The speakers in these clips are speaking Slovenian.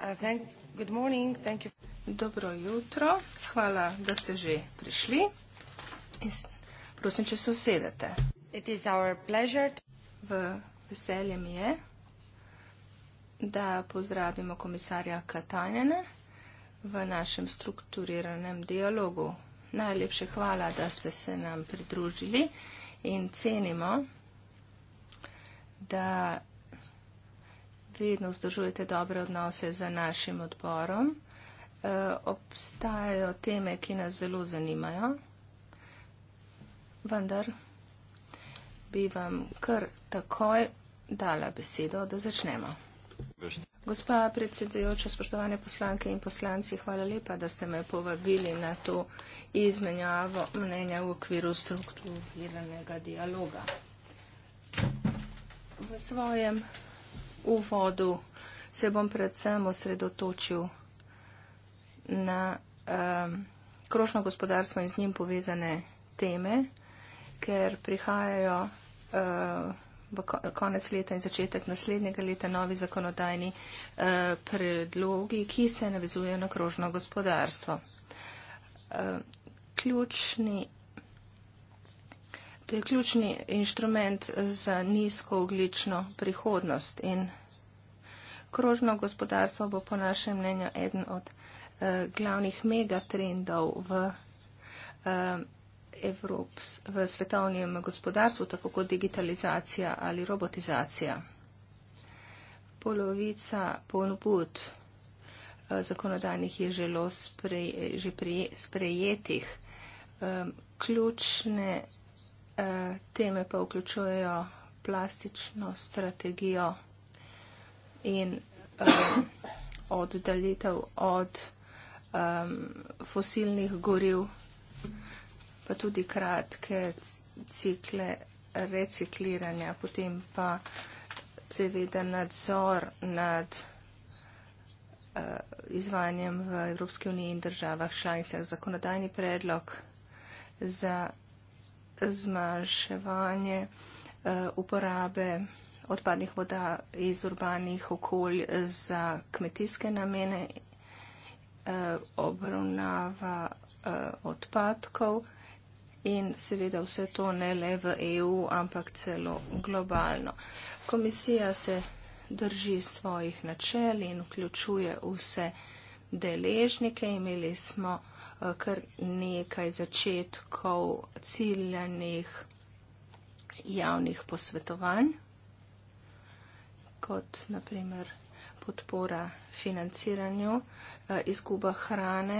Uh, Dobro jutro, hvala, da ste že prišli. Prosim, če se usedete. V veselje mi je, da pozdravimo komisarja Katanjene v našem strukturiranem dialogu. Najlepše hvala, da ste se nam pridružili in cenimo, da vedno vzdržujete dobre odnose z našim odborom. E, obstajajo teme, ki nas zelo zanimajo, vendar bi vam kar takoj dala besedo, da začnemo. Gospa predsedujoča, spoštovane poslanke in poslanci, hvala lepa, da ste me povabili na to izmenjavo mnenja v okviru strukturiranega dialoga. V svojem uvodu se bom predvsem osredotočil na um, krožno gospodarstvo in z njim povezane teme, ker prihajajo uh, v konec leta in začetek naslednjega leta novi zakonodajni uh, predlogi, ki se navezujejo na krožno gospodarstvo. Uh, ključni To je ključni inštrument za nizkooglično prihodnost in krožno gospodarstvo bo po našem mnenju eden od eh, glavnih megatrendov v, eh, Evrops, v svetovnem gospodarstvu, tako kot digitalizacija ali robotizacija. Polovica ponud eh, zakonodajnih je želo sprej, že prije, sprejetih. Eh, ključne Eh, teme pa vključujejo plastično strategijo in eh, oddalitev od eh, fosilnih goriv, pa tudi kratke cikle recikliranja, potem pa seveda nadzor nad eh, izvanjem v Evropski uniji in državah članicah. Zakonodajni predlog za zmanjševanje eh, uporabe odpadnih voda iz urbanih okolj za kmetijske namene, eh, obravnava eh, odpadkov in seveda vse to ne le v EU, ampak celo globalno. Komisija se drži svojih načel in vključuje vse deležnike. Imeli smo Eh, kar nekaj začetkov ciljanih javnih posvetovanj, kot naprimer podpora financiranju, eh, izguba hrane,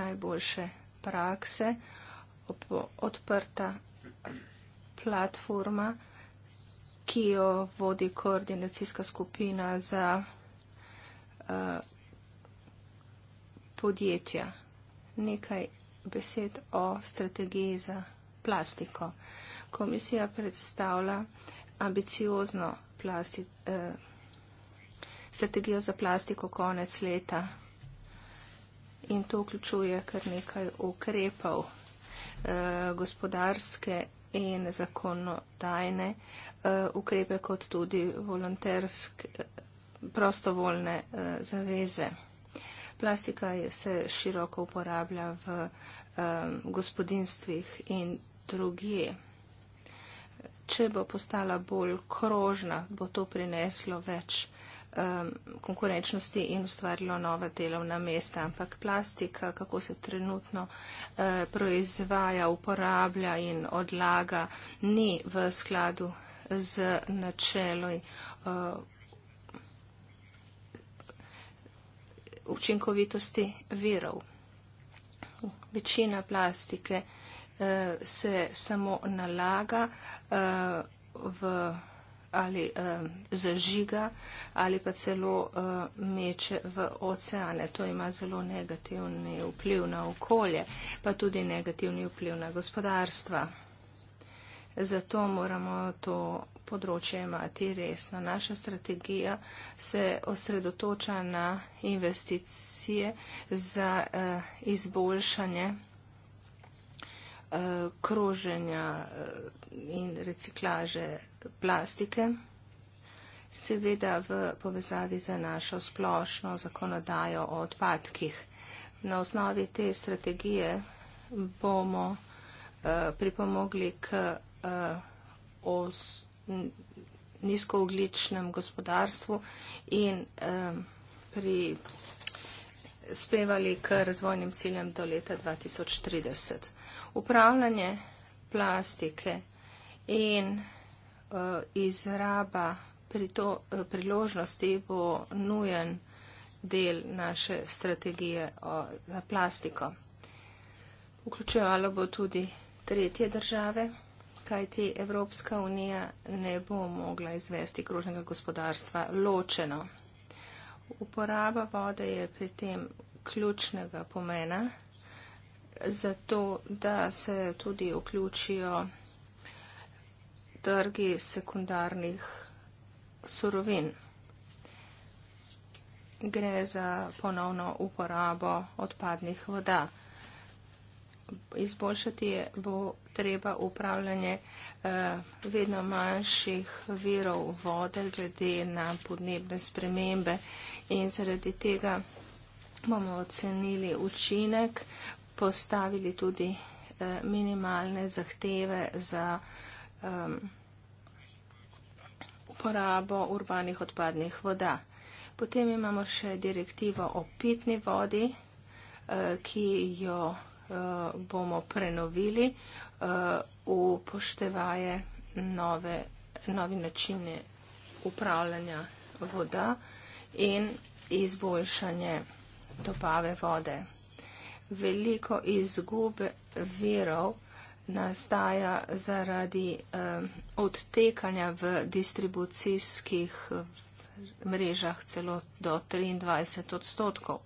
najboljše prakse, odprta platforma, ki jo vodi koordinacijska skupina za eh, podjetja nekaj besed o strategiji za plastiko. Komisija predstavlja ambiciozno plasti, eh, strategijo za plastiko konec leta in to vključuje kar nekaj ukrepov eh, gospodarske in zakonodajne eh, ukrepe kot tudi eh, prostovoljne eh, zaveze. Plastika se široko uporablja v um, gospodinstvih in drugje. Če bo postala bolj krožna, bo to prineslo več um, konkurenčnosti in ustvarilo nova delovna mesta. Ampak plastika, kako se trenutno uh, proizvaja, uporablja in odlaga, ni v skladu z načeloj. Uh, e, učinkovitosti virov. Večina plastike eh, se samo nalaga eh, v, ali eh, zažiga ali pa celo eh, meče v oceane. To ima zelo negativni vpliv na okolje, pa tudi negativni vpliv na gospodarstva. Zato moramo to področje imati resno. Naša strategija se osredotoča na investicije za uh, izboljšanje uh, kroženja uh, in reciklaže plastike. Seveda v povezavi za našo splošno zakonodajo o odpadkih. Na osnovi te strategije bomo uh, pripomogli k uh, nizkoogličnem gospodarstvu in pri spevali k razvojnim ciljem do leta 2030. Upravljanje plastike in e, izraba priložnosti bo nujen del naše strategije za plastiko. Vključevalo bo tudi tretje države kaj ti Evropska unija ne bo mogla izvesti krožnega gospodarstva ločeno. Uporaba vode je pri tem ključnega pomena, zato da se tudi vključijo trgi sekundarnih surovin. Gre za ponovno uporabo odpadnih voda. Izboljšati je bo treba upravljanje eh, vedno manjših verov vode glede na podnebne spremembe in zaradi tega bomo ocenili učinek, postavili tudi eh, minimalne zahteve za uporabo urbanih odpadnih voda. Potem imamo še direktivo o pitni vodi, eh, ki jo bomo prenovili. Uh, upoštevaje nove, nove načine upravljanja voda in izboljšanje dobave vode. Veliko izgube verov nastaja zaradi eh, odtekanja v distribucijskih mrežah celo do 23 odstotkov.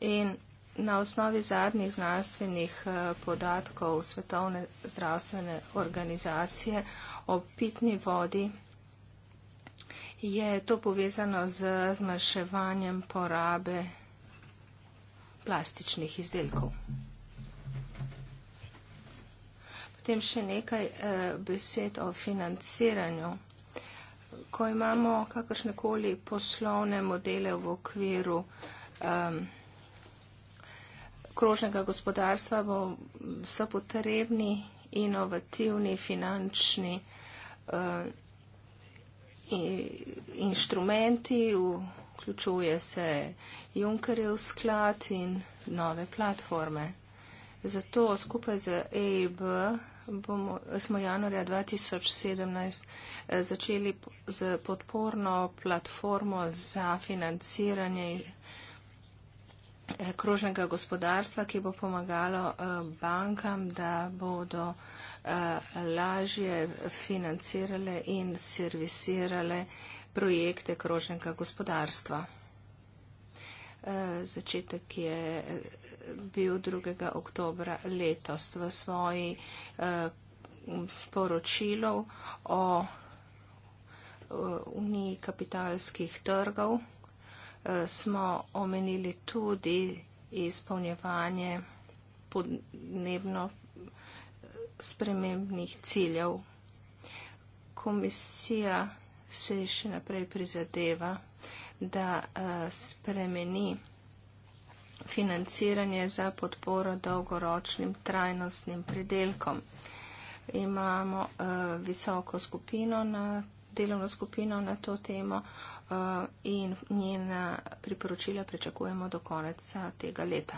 In na osnovi zadnjih znanstvenih eh, podatkov Svetovne zdravstvene organizacije o pitni vodi je to povezano z zmanjševanjem porabe plastičnih izdelkov. Potem še nekaj eh, besed o financiranju. Ko imamo kakršnekoli poslovne modele v okviru um, krožnega gospodarstva bo, so potrebni inovativni finančni uh, inštrumenti, vključuje se Junckerjev sklad in nove platforme. Zato skupaj z EIB bomo, smo januarja 2017 eh, začeli z podporno platformo za financiranje Eh, krožnega gospodarstva, ki bo pomagalo eh, bankam, da bodo eh, lažje financirale in servisirale projekte krožnega gospodarstva. Začetek je bil 2. oktobra letos v svoji sporočilov o uniji kapitalskih trgov smo omenili tudi izpolnjevanje podnebno spremembnih ciljev. Komisija se še naprej prizadeva, da eh, spremeni financiranje za podporo dolgoročnim trajnostnim predelkom. Imamo eh, visoko skupino na delovno skupino na to temo. Eh, in njena priporočila pričakujemo do konca eh, tega leta.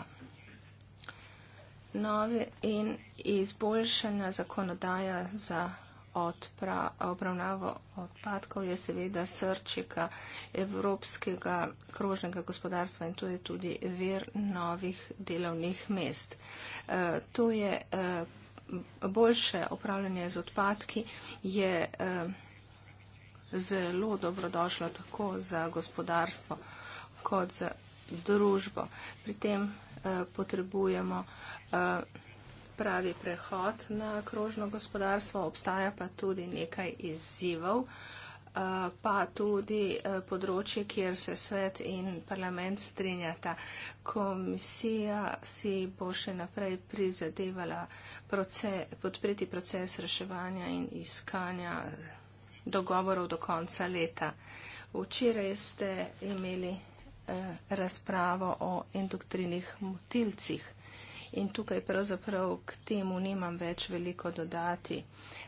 Nove in izboljšana zakonodaja za odpra, obravnavo odpadkov je seveda srčika evropskega krožnega gospodarstva in to je tudi ver novih delovnih mest. Eh, to je boljše upravljanje z odpadki, je zelo dobrodošlo tako za gospodarstvo kot za družbo. Pri tem eh, potrebujemo eh, pravi prehod na krožno gospodarstvo, obstaja pa tudi nekaj izzivov, eh, pa tudi eh, področje, kjer se svet in parlament strinjata. Komisija si bo še naprej prizadevala proces, podpreti proces reševanja in iskanja. Eh, dogovorov do konca leta. Včeraj ste imeli eh, razpravo o endoktrinih motilcih in tukaj pravzaprav k temu nimam več veliko dodati,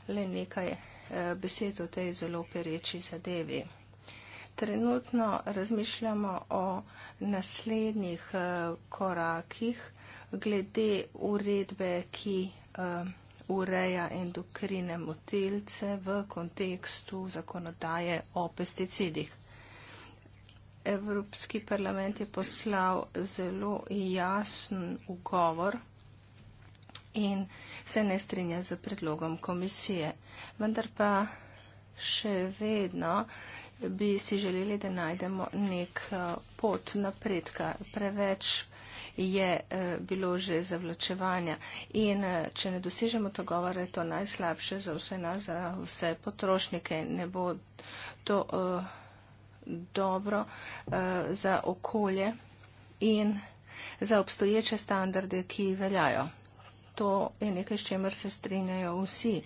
le nekaj eh, besed o tej zelo pereči zadevi. Trenutno razmišljamo o naslednjih eh, korakih glede uredbe, ki ureja endokrine motilce v kontekstu zakonodaje o pesticidih. Evropski parlament je poslal zelo jasen ugovor in se ne strinja z predlogom komisije. Vendar pa še vedno bi si želeli, da najdemo nek eh, pot napredka. Preveč je eh, bilo že zavlačevanja. In eh, če ne dosežemo dogovora, je to najslabše za vse nas, za vse potrošnike. Ne bo to uh, dobro uh, za okolje in za obstoječe standarde, ki veljajo. To je nekaj, s čemer se strinjajo vsi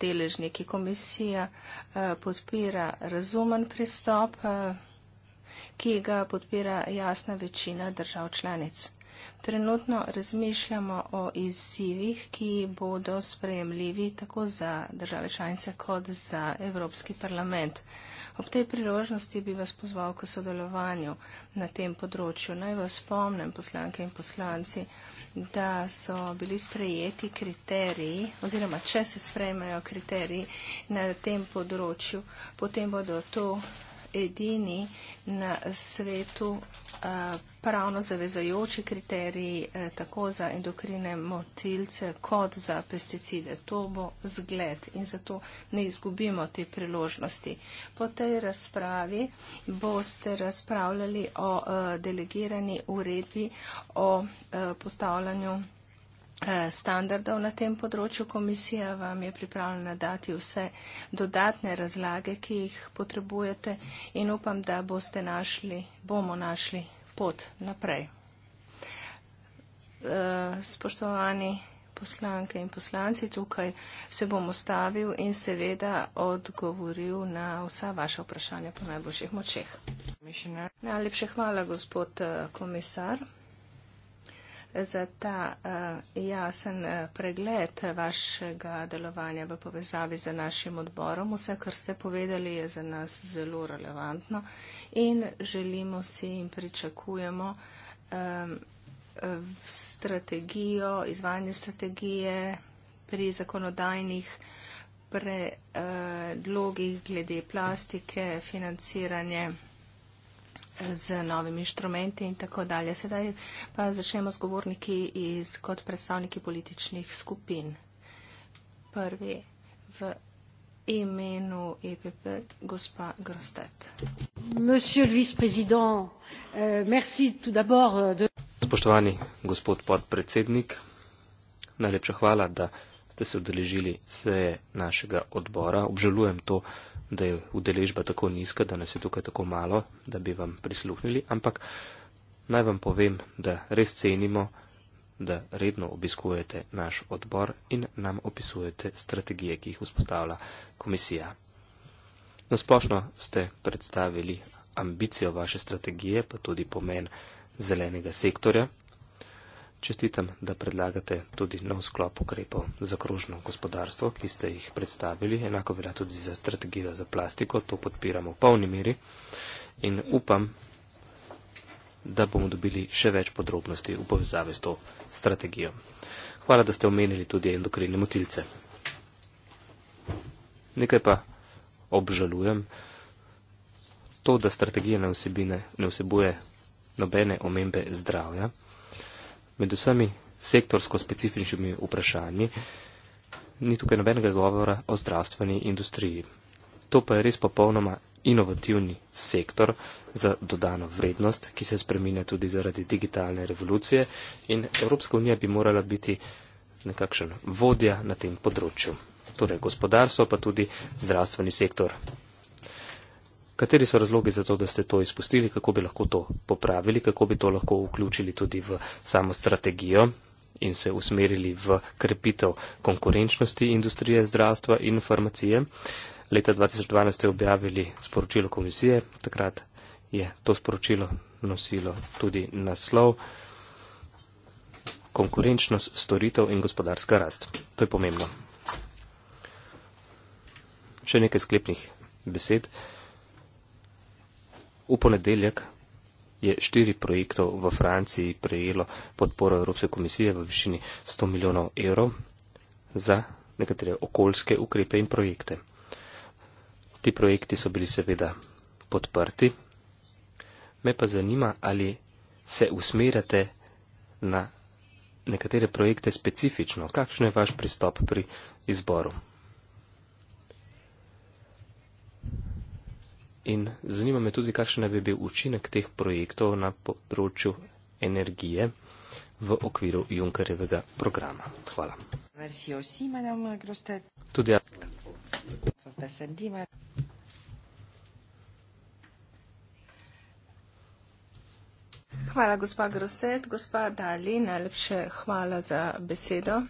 deležniki. Komisija podpira razumen pristop ki ga podpira jasna večina držav članic. Trenutno razmišljamo o izzivih, ki bodo sprejemljivi tako za države članice kot za Evropski parlament. Ob tej priložnosti bi vas pozval k sodelovanju na tem področju. Naj vas spomnem, poslanke in poslanci, da so bili sprejeti kriteriji oziroma če se sprejmejo kriteriji na tem področju, potem bodo to edini na svetu eh, pravno zavezajoči kriteriji eh, tako za endokrine motilce kot za pesticide. To bo zgled in zato ne izgubimo te priložnosti. Po tej razpravi boste razpravljali o eh, delegirani uredbi o postavljanju Eh, standardov na tem področju. Komisija vam je pripravljena dati vse dodatne razlage, ki jih potrebujete in upam, da boste našli, bomo našli pot naprej. Eh, spoštovani poslanke in poslanci, tukaj se bom ostavil in seveda odgovoril na vsa vaša vprašanja po najboljših močeh. Najlepše hvala, gospod eh, komisar za ta uh, jasen eh, pregled vašega delovanja v povezavi z našim odborom. Vse, kar ste povedali, je za nas zelo relevantno in želimo si in pričakujemo um, strategijo, izvajanje strategije pri zakonodajnih predlogih uh, glede plastike, financiranje z novimi inštrumenti in tako dalje. Sedaj pa začnemo z govorniki kot predstavniki političnih skupin. Prvi v imenu EPP, gospa Grostet. Monsieur le vice-president, euh, merci tout d'abord. Euh, de... Spoštovani gospod podpredsednik, najlepša hvala, da ste se odeležili seje našega odbora. Obžalujem to, da je udeležba tako nizka, da nas je tukaj tako malo, da bi vam prisluhnili, ampak naj vam povem, da res cenimo, da redno obiskujete naš odbor in nam opisujete strategije, ki jih vzpostavlja komisija. Nasplošno ste predstavili ambicijo vaše strategije, pa tudi pomen zelenega sektorja čestitam, da predlagate tudi nov sklop ukrepov za krožno gospodarstvo, ki ste jih predstavili. Enako velja tudi za strategijo za plastiko, to podpiramo v polni meri in upam, da bomo dobili še več podrobnosti v povezavi s to strategijo. Hvala, da ste omenili tudi endokrine motilce. Nekaj pa obžalujem. To, da strategija ne vsebuje nobene omembe zdravja med vsemi sektorsko specifičnimi vprašanji ni tukaj nobenega govora o zdravstveni industriji. To pa je res popolnoma inovativni sektor za dodano vrednost, ki se spremine tudi zaradi digitalne revolucije in Evropska unija bi morala biti nekakšen vodja na tem področju. Torej gospodarstvo pa tudi zdravstveni sektor. Kateri so razlogi za to, da ste to izpustili, kako bi lahko to popravili, kako bi to lahko vključili tudi v samo strategijo in se usmerili v krepitev konkurenčnosti industrije zdravstva in farmacije. Leta 2012 ste objavili sporočilo komisije, takrat je to sporočilo nosilo tudi naslov konkurenčnost storitev in gospodarska rast. To je pomembno. Še nekaj sklepnih besed. V ponedeljek je štiri projektov v Franciji prejelo podporo Evropske komisije v višini 100 milijonov evrov za nekatere okoljske ukrepe in projekte. Ti projekti so bili seveda podprti. Me pa zanima, ali se usmerjate na nekatere projekte specifično. Kakšen je vaš pristop pri izboru? In zanima me tudi, kakšen bi bil učinek teh projektov na področju energije v okviru Junkarjevega programa. Hvala. Tudi jaz. Hvala, gospa Grostet, gospa Dali, najlepše hvala za besedo.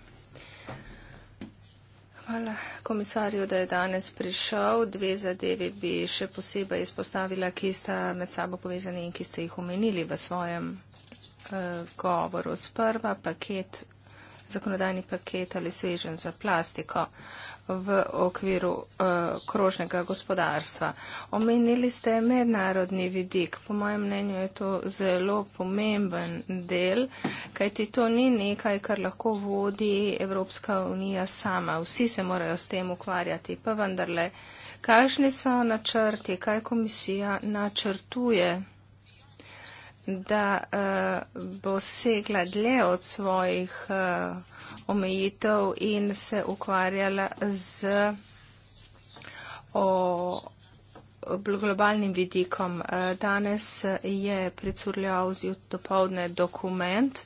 Hvala komisarju, da je danes prišel. Dve zadevi bi še posebej izpostavila, ki sta med sabo povezani in ki ste jih omenili v svojem eh, govoru. Sprva paket zakonodajni paket ali svežen za plastiko v okviru uh, krožnega gospodarstva. Omenili ste mednarodni vidik. Po mojem mnenju je to zelo pomemben del, kajti to ni nekaj, kar lahko vodi Evropska unija sama. Vsi se morajo s tem ukvarjati, pa vendarle. Kakšni so načrti, kaj komisija načrtuje da uh, bo segla dlje od svojih uh, omejitev in se ukvarjala z o, globalnim vidikom. Uh, danes je pricurljal zjutraj dopovdne dokument,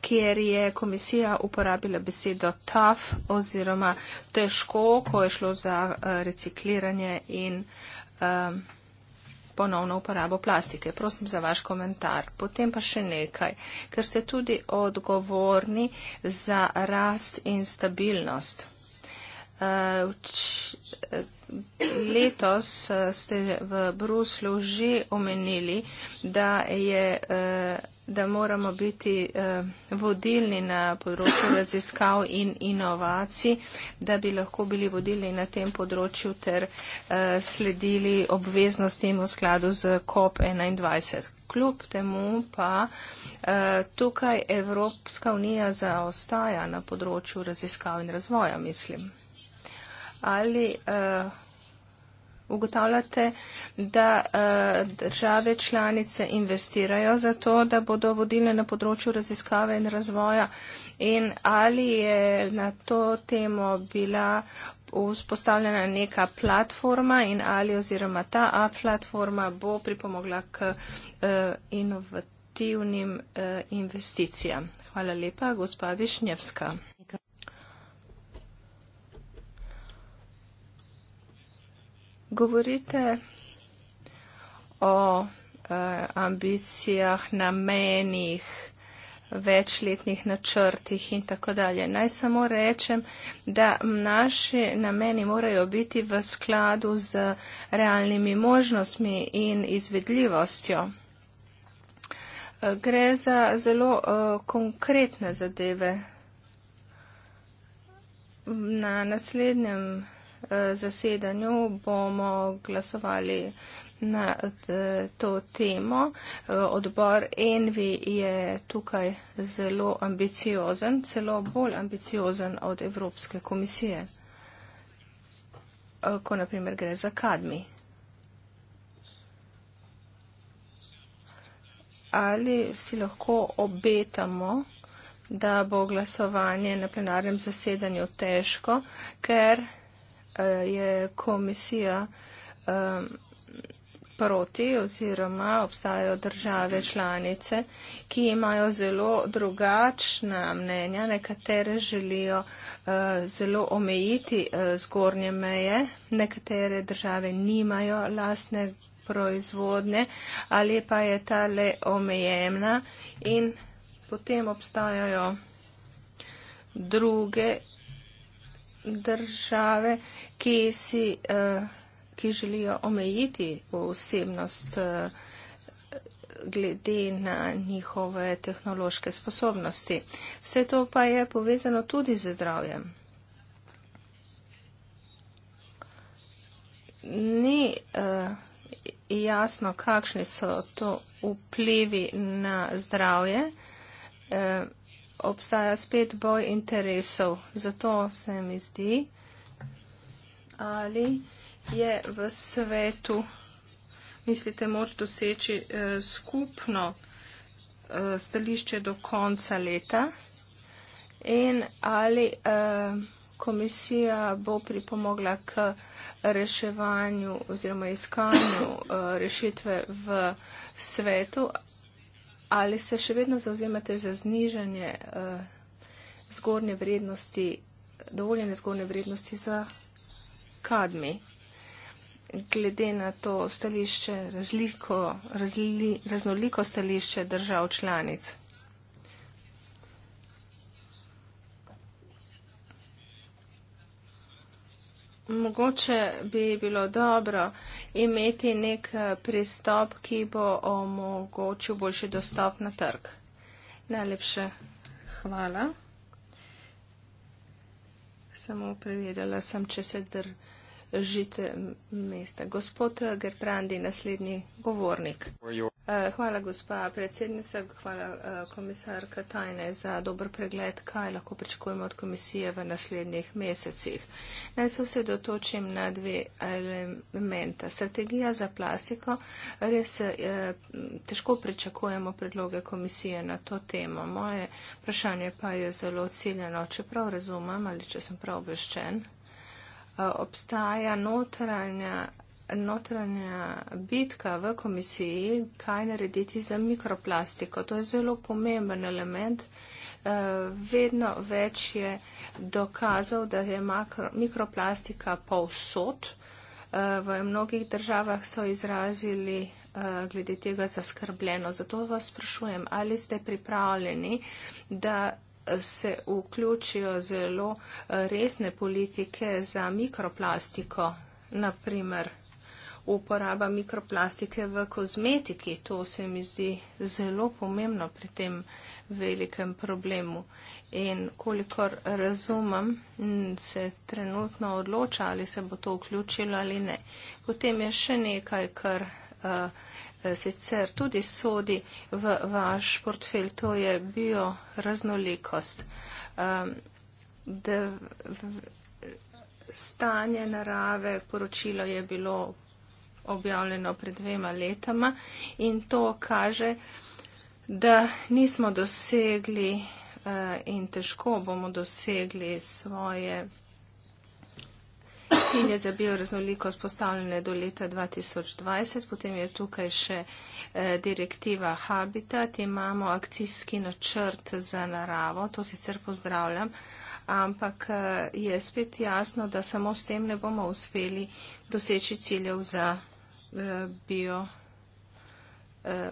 kjer je komisija uporabila besedo tough oziroma težko, ko je šlo za uh, recikliranje in. Uh, ponovno uporabo plastike. Prosim za vaš komentar. Potem pa še nekaj, ker ste tudi odgovorni za rast in stabilnost. Eh, eh, letos eh, ste v Bruslu že omenili, da je da moramo biti eh, vodilni na področju raziskav in inovacij, da bi lahko bili vodilni na tem področju ter eh, sledili obveznostim v skladu z COP21. Kljub temu pa eh, tukaj Evropska unija zaostaja na področju raziskav in razvoja, mislim. Ali eh, ugotavljate, da eh, države članice investirajo za to, da bodo vodile na področju raziskave in razvoja. In ali je na to temo bila vzpostavljena neka platforma in ali oziroma ta A platforma bo pripomogla k eh, inovativnim eh, investicijam. Hvala lepa, gospa Višnjevska. Govorite o eh, ambicijah, namenih, večletnih načrtih in tako dalje. Naj samo rečem, da naši nameni morajo biti v skladu z realnimi možnostmi in izvedljivostjo. Eh, gre za zelo uh, konkretne zadeve. Na naslednjem zasedanju bomo glasovali na to temo. Odbor Envi je tukaj zelo ambiciozen, celo bolj ambiciozen od Evropske komisije, ko naprimer gre za kadmi. Ali si lahko obetamo, da bo glasovanje na plenarnem zasedanju težko, ker Eh, je komisija eh, proti oziroma obstajajo države članice, ki imajo zelo drugačna mnenja, nekatere želijo eh, zelo omejiti zgornje meje, nekatere države nimajo lastne proizvodne ali pa je ta le omejemna in potem obstajajo druge države, ki, si, eh, ki želijo omejiti vsebnost eh, glede na njihove tehnološke sposobnosti. Vse to pa je povezano tudi z zdravjem. Ni uh, jasno, kakšni so to vplivi na zdravje. Uh, obstaja spet boj interesov. Zato se mi zdi, ali je v svetu, mislite, moč doseči eh, skupno eh, stališče do konca leta in ali eh, komisija bo pripomogla k reševanju oziroma iskanju eh, rešitve v svetu ali se še vedno zauzemate za znižanje uh, zgornje vrednosti, dovoljene zgornje vrednosti za kadmi, glede na to stališče, razliko, razli, raznoliko stališče držav članic. Mogoče bi bilo dobro imeti nek eh, pristop, ki bo omogočil boljši dostop na trg. Najlepše hvala. Samo preverjala sem, če se držite mesta. Gospod Gerprandi, naslednji govornik. Are you Eh, hvala, gospa predsednica. Hvala, eh, komisarka Tajne, za dober pregled, kaj lahko pričakujemo od komisije v naslednjih mesecih. Naj se osredotočim na dve elementa. Strategija za plastiko. Res eh, težko pričakujemo predloge komisije na to temo. Moje vprašanje pa je zelo ciljeno, če prav razumem ali če sem prav obveščen. Obstaja notranja notranja bitka v komisiji, kaj narediti za mikroplastiko. To je zelo pomemben element. Eh, vedno več je dokazal, da je makro, mikroplastika povsod. Eh, v mnogih državah so izrazili eh, glede tega zaskrbljeno. Zato vas sprašujem, ali ste pripravljeni, da se vključijo zelo resne politike za mikroplastiko, naprimer uporaba mikroplastike v kozmetiki. To se mi zdi zelo pomembno pri tem velikem problemu. In kolikor razumem, se trenutno odloča, ali se bo to vključilo ali ne. Potem je še nekaj, kar uh, sicer tudi sodi v vaš portfelj, to je bioraznolikost. Um, stanje narave, poročilo je bilo objavljeno pred dvema letoma in to kaže, da nismo dosegli eh, in težko bomo dosegli svoje cilje za bioraznolikost postavljene do leta 2020. Potem je tukaj še eh, direktiva Habitat, imamo akcijski načrt za naravo, to sicer pozdravljam, ampak eh, je spet jasno, da samo s tem ne bomo uspeli doseči ciljev za Eh, bio eh,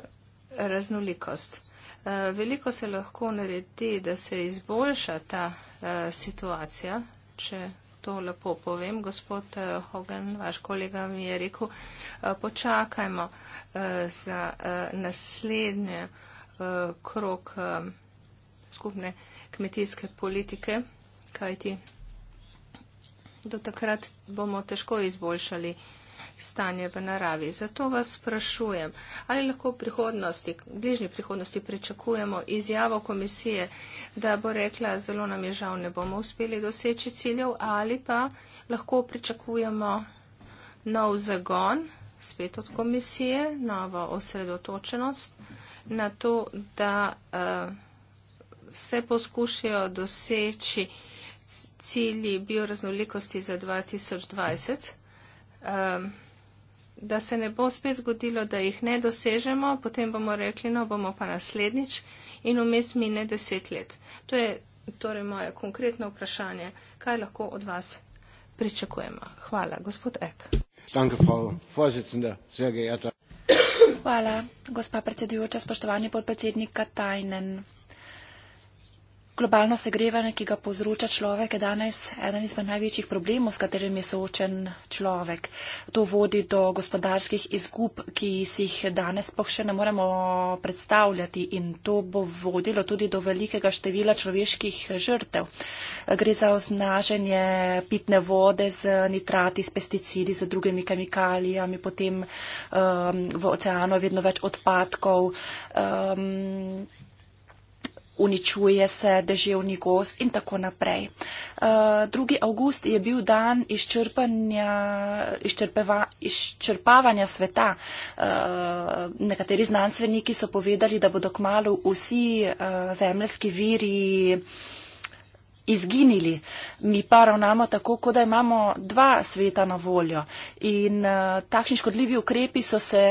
raznolikost. Eh, veliko se lahko naredi, da se izboljša ta situacija, če to lepo povem. Gospod Hogan, vaš kolega mi je rekel, počakajmo za naslednje krok skupne kmetijske politike, kajti do takrat bomo težko izboljšali uh, stanje v naravi. Zato vas sprašujem, ali lahko v prihodnosti, v bližnji prihodnosti pričakujemo izjavo komisije, da bo rekla, zelo nam je žal, ne bomo uspeli doseči ciljev, ali pa lahko pričakujemo nov zagon, spet od komisije, novo osredotočenost na to, da vse eh, uh, poskušajo doseči cilji bioraznolikosti za 2020. Um, da se ne bo spet zgodilo, da jih ne dosežemo, potem bomo rekli, no bomo pa naslednjič in vmes mine deset let. To je torej moje konkretno vprašanje, kaj lahko od vas pričakujemo. Hvala, gospod Ek. Hvala, gospa predsedujoča, spoštovani podpredsednik Katajnen. Globalno segrevanje, ki ga povzroča človek, je danes eden izmed največjih problemov, s katerim je soočen človek. To vodi do gospodarskih izgub, ki si jih danes pa še ne moremo predstavljati in to bo vodilo tudi do velikega števila človeških žrtev. Gre za oznaženje pitne vode z nitrati, s pesticidi, z drugimi kemikalijami, potem um, v oceano vedno več odpadkov. Um, uničuje se deževni gost in tako naprej. Eh, drugi avgust je bil dan izčrpavanja sveta. Eh, nekateri znanstveniki so povedali, da bodo kmalo vsi eh, zemljski viri izginili. Mi pa ravnamo tako, kot da imamo dva sveta na voljo. In uh, takšni škodljivi ukrepi so se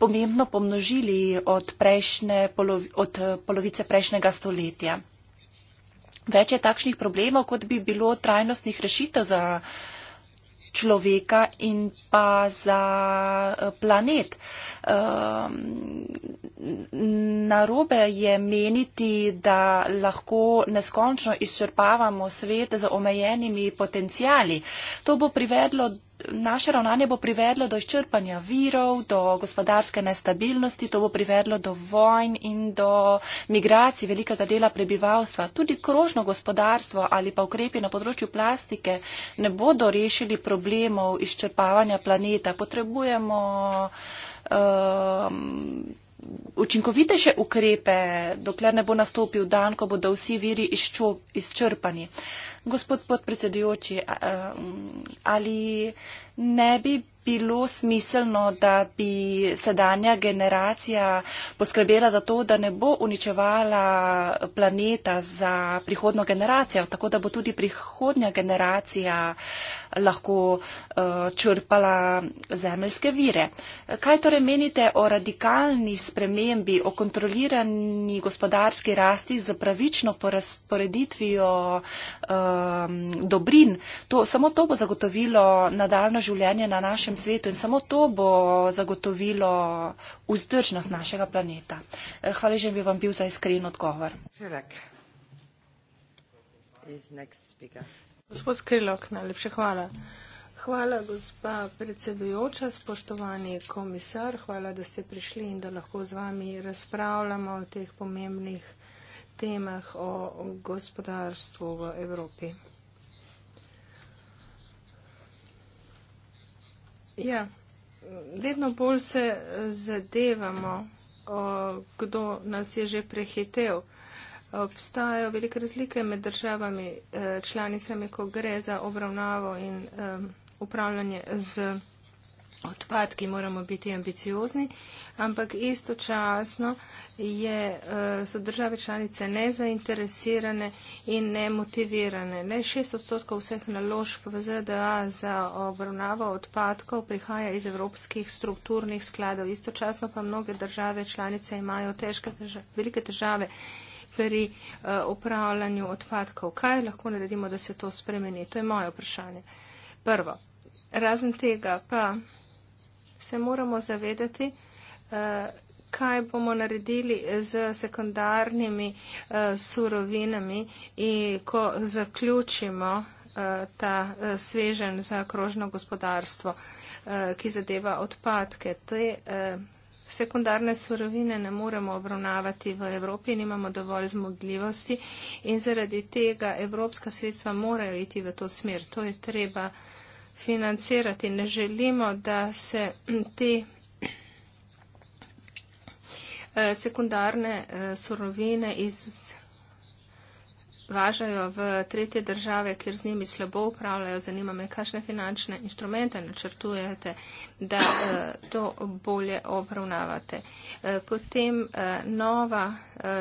pomembno pomnožili od, prejšnje, od eh, polovice prejšnjega stoletja. Več je takšnih problemov, kot bi bilo trajnostnih rešitev za človeka in pa za eh, planet. Ehm, narobe je meniti, da lahko neskončno izčrpavamo svet z omejenimi potencijali. To bo privedlo naše ravnanje bo privedlo do izčrpanja virov, do gospodarske nestabilnosti, to bo privedlo do vojn in do migracij velikega dela prebivalstva. Tudi krožno gospodarstvo ali pa ukrepi na področju plastike ne bodo rešili problemov izčrpavanja planeta. Potrebujemo. Um, učinkovitejše ukrepe, dokler ne bo nastopil dan, ko bodo vsi viri izčrpani. Gospod podpredsedujoči, ali ne bi bilo smiselno, da bi sedanja generacija poskrbela za to, da ne bo uničevala planeta za prihodno generacijo, tako da bo tudi prihodnja generacija lahko e, črpala zemljske vire. Kaj torej menite o radikalni spremembi, o kontrolirani gospodarski rasti z pravično porazporeditvijo uh, um, dobrin. To, samo to bo zagotovilo nadaljno življenje na našem svetu in samo to bo zagotovilo vzdržnost našega planeta. Eh, hvala, že bi vam bil za iskren odgovor. Gospod Skrilok, najlepše hvala. Hvala, gospa predsedujoča, spoštovani komisar, hvala, da ste prišli in da lahko z vami razpravljamo o teh pomembnih temah o gospodarstvu v Evropi. Ja, vedno bolj se zadevamo, kdo nas je že prehitev. Obstajajo velike razlike med državami, eh, članicami, ko gre za obravnavo in eh, upravljanje z državami odpadki moramo biti ambiciozni, ampak istočasno je, eh, so države članice nezainteresirane in nemotivirane. Ne šest odstotkov vseh naložb v ZDA za obravnavo odpadkov prihaja iz evropskih strukturnih skladov. Istočasno pa mnoge države članice imajo težke, težave, velike težave pri eh, upravljanju odpadkov. Kaj lahko naredimo, da se to spremeni? To je moje vprašanje. Prvo, razen tega pa se moramo zavedati, eh, kaj bomo naredili z sekundarnimi eh, surovinami, ko zaključimo eh, ta svežen za krožno gospodarstvo, ki zadeva odpadke. To je Sekundarne surovine ne moremo obravnavati v Evropi, nimamo dovolj zmogljivosti in zaradi tega evropska sredstva morajo iti v to smer. To je treba uh, financirati. Ne želimo, da se te eh, sekundarne eh, surovine izvažajo v tretje države, kjer z njimi slabo upravljajo. Zanima me, kakšne finančne inštrumente načrtujete, da eh, to bolje obravnavate. Potem nova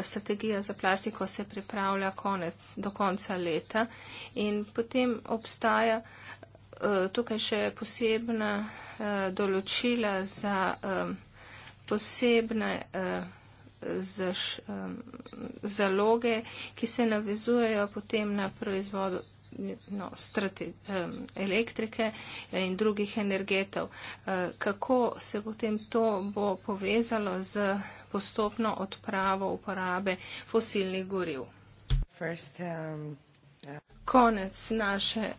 strategija za plastiko se pripravlja konec, do konca leta in potem obstaja Eh, tukaj še posebna eh, določila za eh, posebne zaloge, ki se navezujejo potem na proizvod no, elektrike in drugih energetov. Kako se potem to bo povezalo z postopno odpravo uporabe fosilnih goriv? First, um, uh konec našega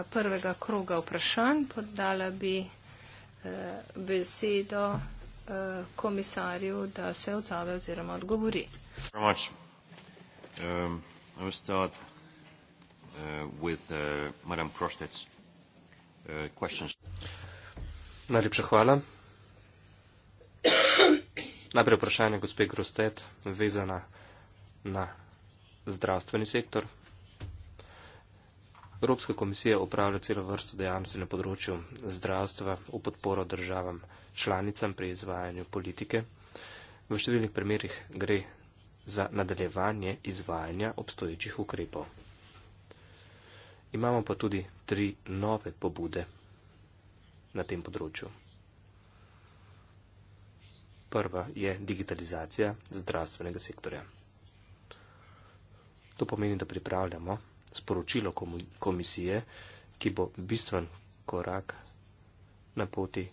uh, prvega kroga vprašanj. Podala bi uh, besedo uh, komisarju, da se odzove oziroma odgovori. Um, uh, uh, uh, Najlepša hvala. Najprej vprašanje gospe Grostet, vezana na zdravstveni sektor. Evropska komisija upravlja celo vrsto dejavnosti na področju zdravstva v podporo državam članicam pri izvajanju politike. V številnih primerjih gre za nadaljevanje izvajanja obstoječih ukrepov. Imamo pa tudi tri nove pobude na tem področju. Prva je digitalizacija zdravstvenega sektorja. To pomeni, da pripravljamo sporočilo komisije, ki bo bistven korak na poti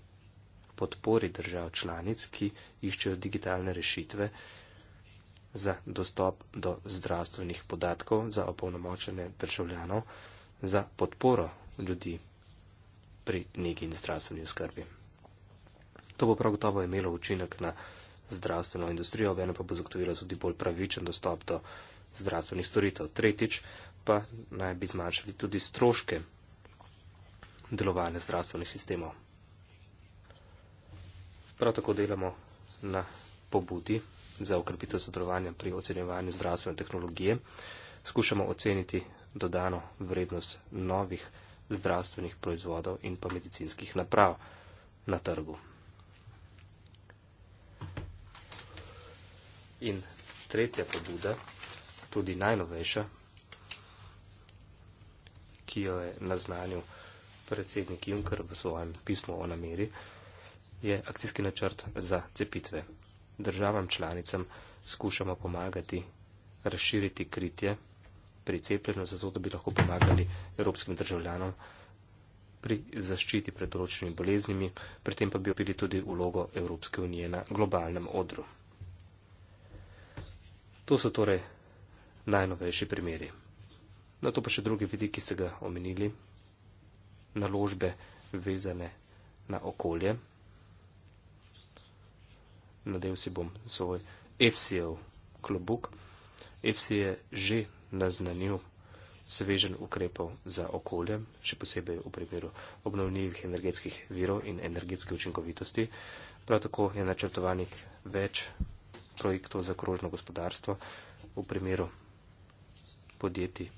podpori držav članic, ki iščejo digitalne rešitve za dostop do zdravstvenih podatkov za opolnomočene državljanov, za podporo ljudi pri neki in zdravstveni oskrbi. To bo prav gotovo imelo učinek na zdravstveno industrijo, vene pa bo zagotovilo tudi bolj pravičen dostop do zdravstvenih podatkov zdravstvenih storitev. Tretjič pa naj bi zmanjšali tudi stroške delovanja zdravstvenih sistemov. Prav tako delamo na pobudi za okrepitev sodelovanja pri ocenjevanju zdravstvene tehnologije. Skušamo oceniti dodano vrednost novih zdravstvenih proizvodov in pa medicinskih naprav na trgu. In tretja pobuda tudi najnovejša, ki jo je naznanil predsednik Juncker v svojem pismu o nameri, je akcijski načrt za cepitve. Državam članicam skušamo pomagati razširiti kritje pri cepljenju, zato da bi lahko pomagali evropskim državljanom pri zaščiti pred določenimi boleznimi, pri tem pa bi opili tudi vlogo Evropske unije na globalnem odru. To so torej najnovejši primeri. Na to pa še drugi vidiki, ki ste ga omenili, naložbe vezane na okolje. Nadev si bom svoj FCO klobuk. FC je že naznanil svežen ukrepov za okolje, še posebej v primeru obnovljivih energetskih virov in energetske učinkovitosti. Prav tako je načrtovanih več projektov za krožno gospodarstvo v primeru podjetij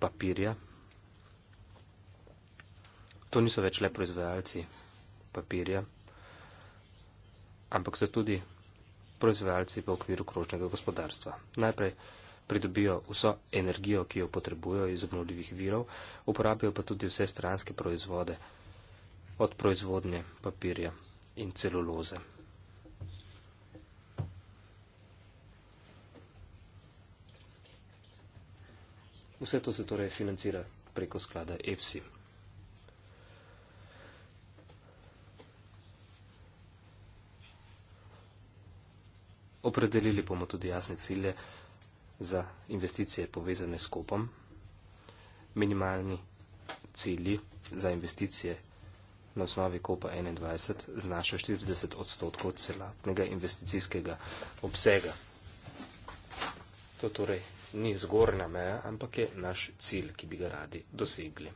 papirja. To niso več le proizvajalci papirja, ampak so tudi proizvajalci v okviru krožnega gospodarstva. Najprej pridobijo vso energijo, ki jo potrebujo iz obnovljivih virov, uporabijo pa tudi vse stranske proizvode od proizvodnje papirja in celuloze. Vse to se torej financira preko sklada EFSI. Opredelili bomo tudi jasne cilje za investicije povezane s kopom. Minimalni cilji za investicije na osnovi kopa 21 znašajo 40 odstotkov celatnega investicijskega obsega. To torej ni zgornja meja, ampak je naš cilj, ki bi ga radi dosegli.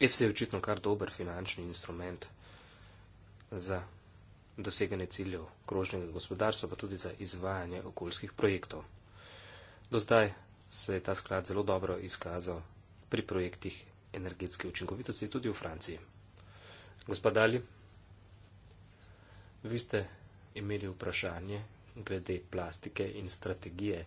EFSA je očitno kar dober finančni instrument za doseganje ciljev krožnega gospodarstva, pa tudi za izvajanje okoljskih projektov. Do zdaj se je ta sklad zelo dobro izkazal pri projektih energetske učinkovitosti tudi v Franciji. Gospodali, vi ste imeli vprašanje glede plastike in strategije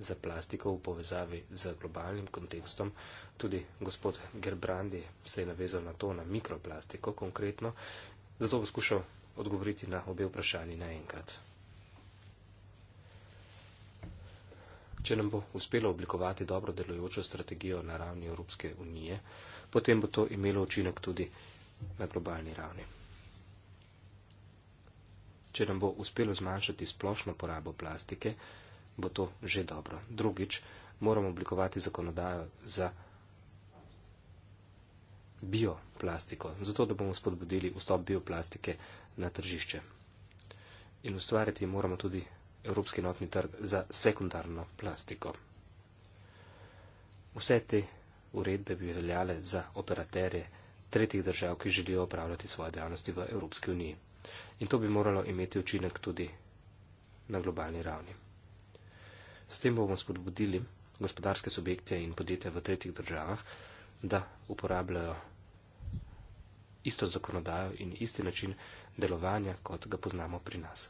za plastiko v povezavi z globalnim kontekstom. Tudi gospod Gerbrandi se je navezal na to, na mikroplastiko konkretno. Zato bo skušal odgovoriti na obe vprašanji naenkrat. Če nam bo uspelo oblikovati dobro delujočo strategijo na ravni Evropske unije, potem bo to imelo učinek tudi na globalni ravni. Če nam bo uspelo zmanjšati splošno porabo plastike, bo to že dobro. Drugič, moramo oblikovati zakonodajo za bioplastiko, zato da bomo spodbudili vstop bioplastike na tržišče. In ustvariti moramo tudi Evropski notni trg za sekundarno plastiko. Vse te uredbe bi veljale za operaterje tretjih držav, ki želijo opravljati svoje dejavnosti v Evropski uniji. In to bi moralo imeti učinek tudi na globalni ravni. S tem bomo spodbudili gospodarske subjekte in podjetja v tretjih državah, da uporabljajo isto zakonodajo in isti način delovanja, kot ga poznamo pri nas.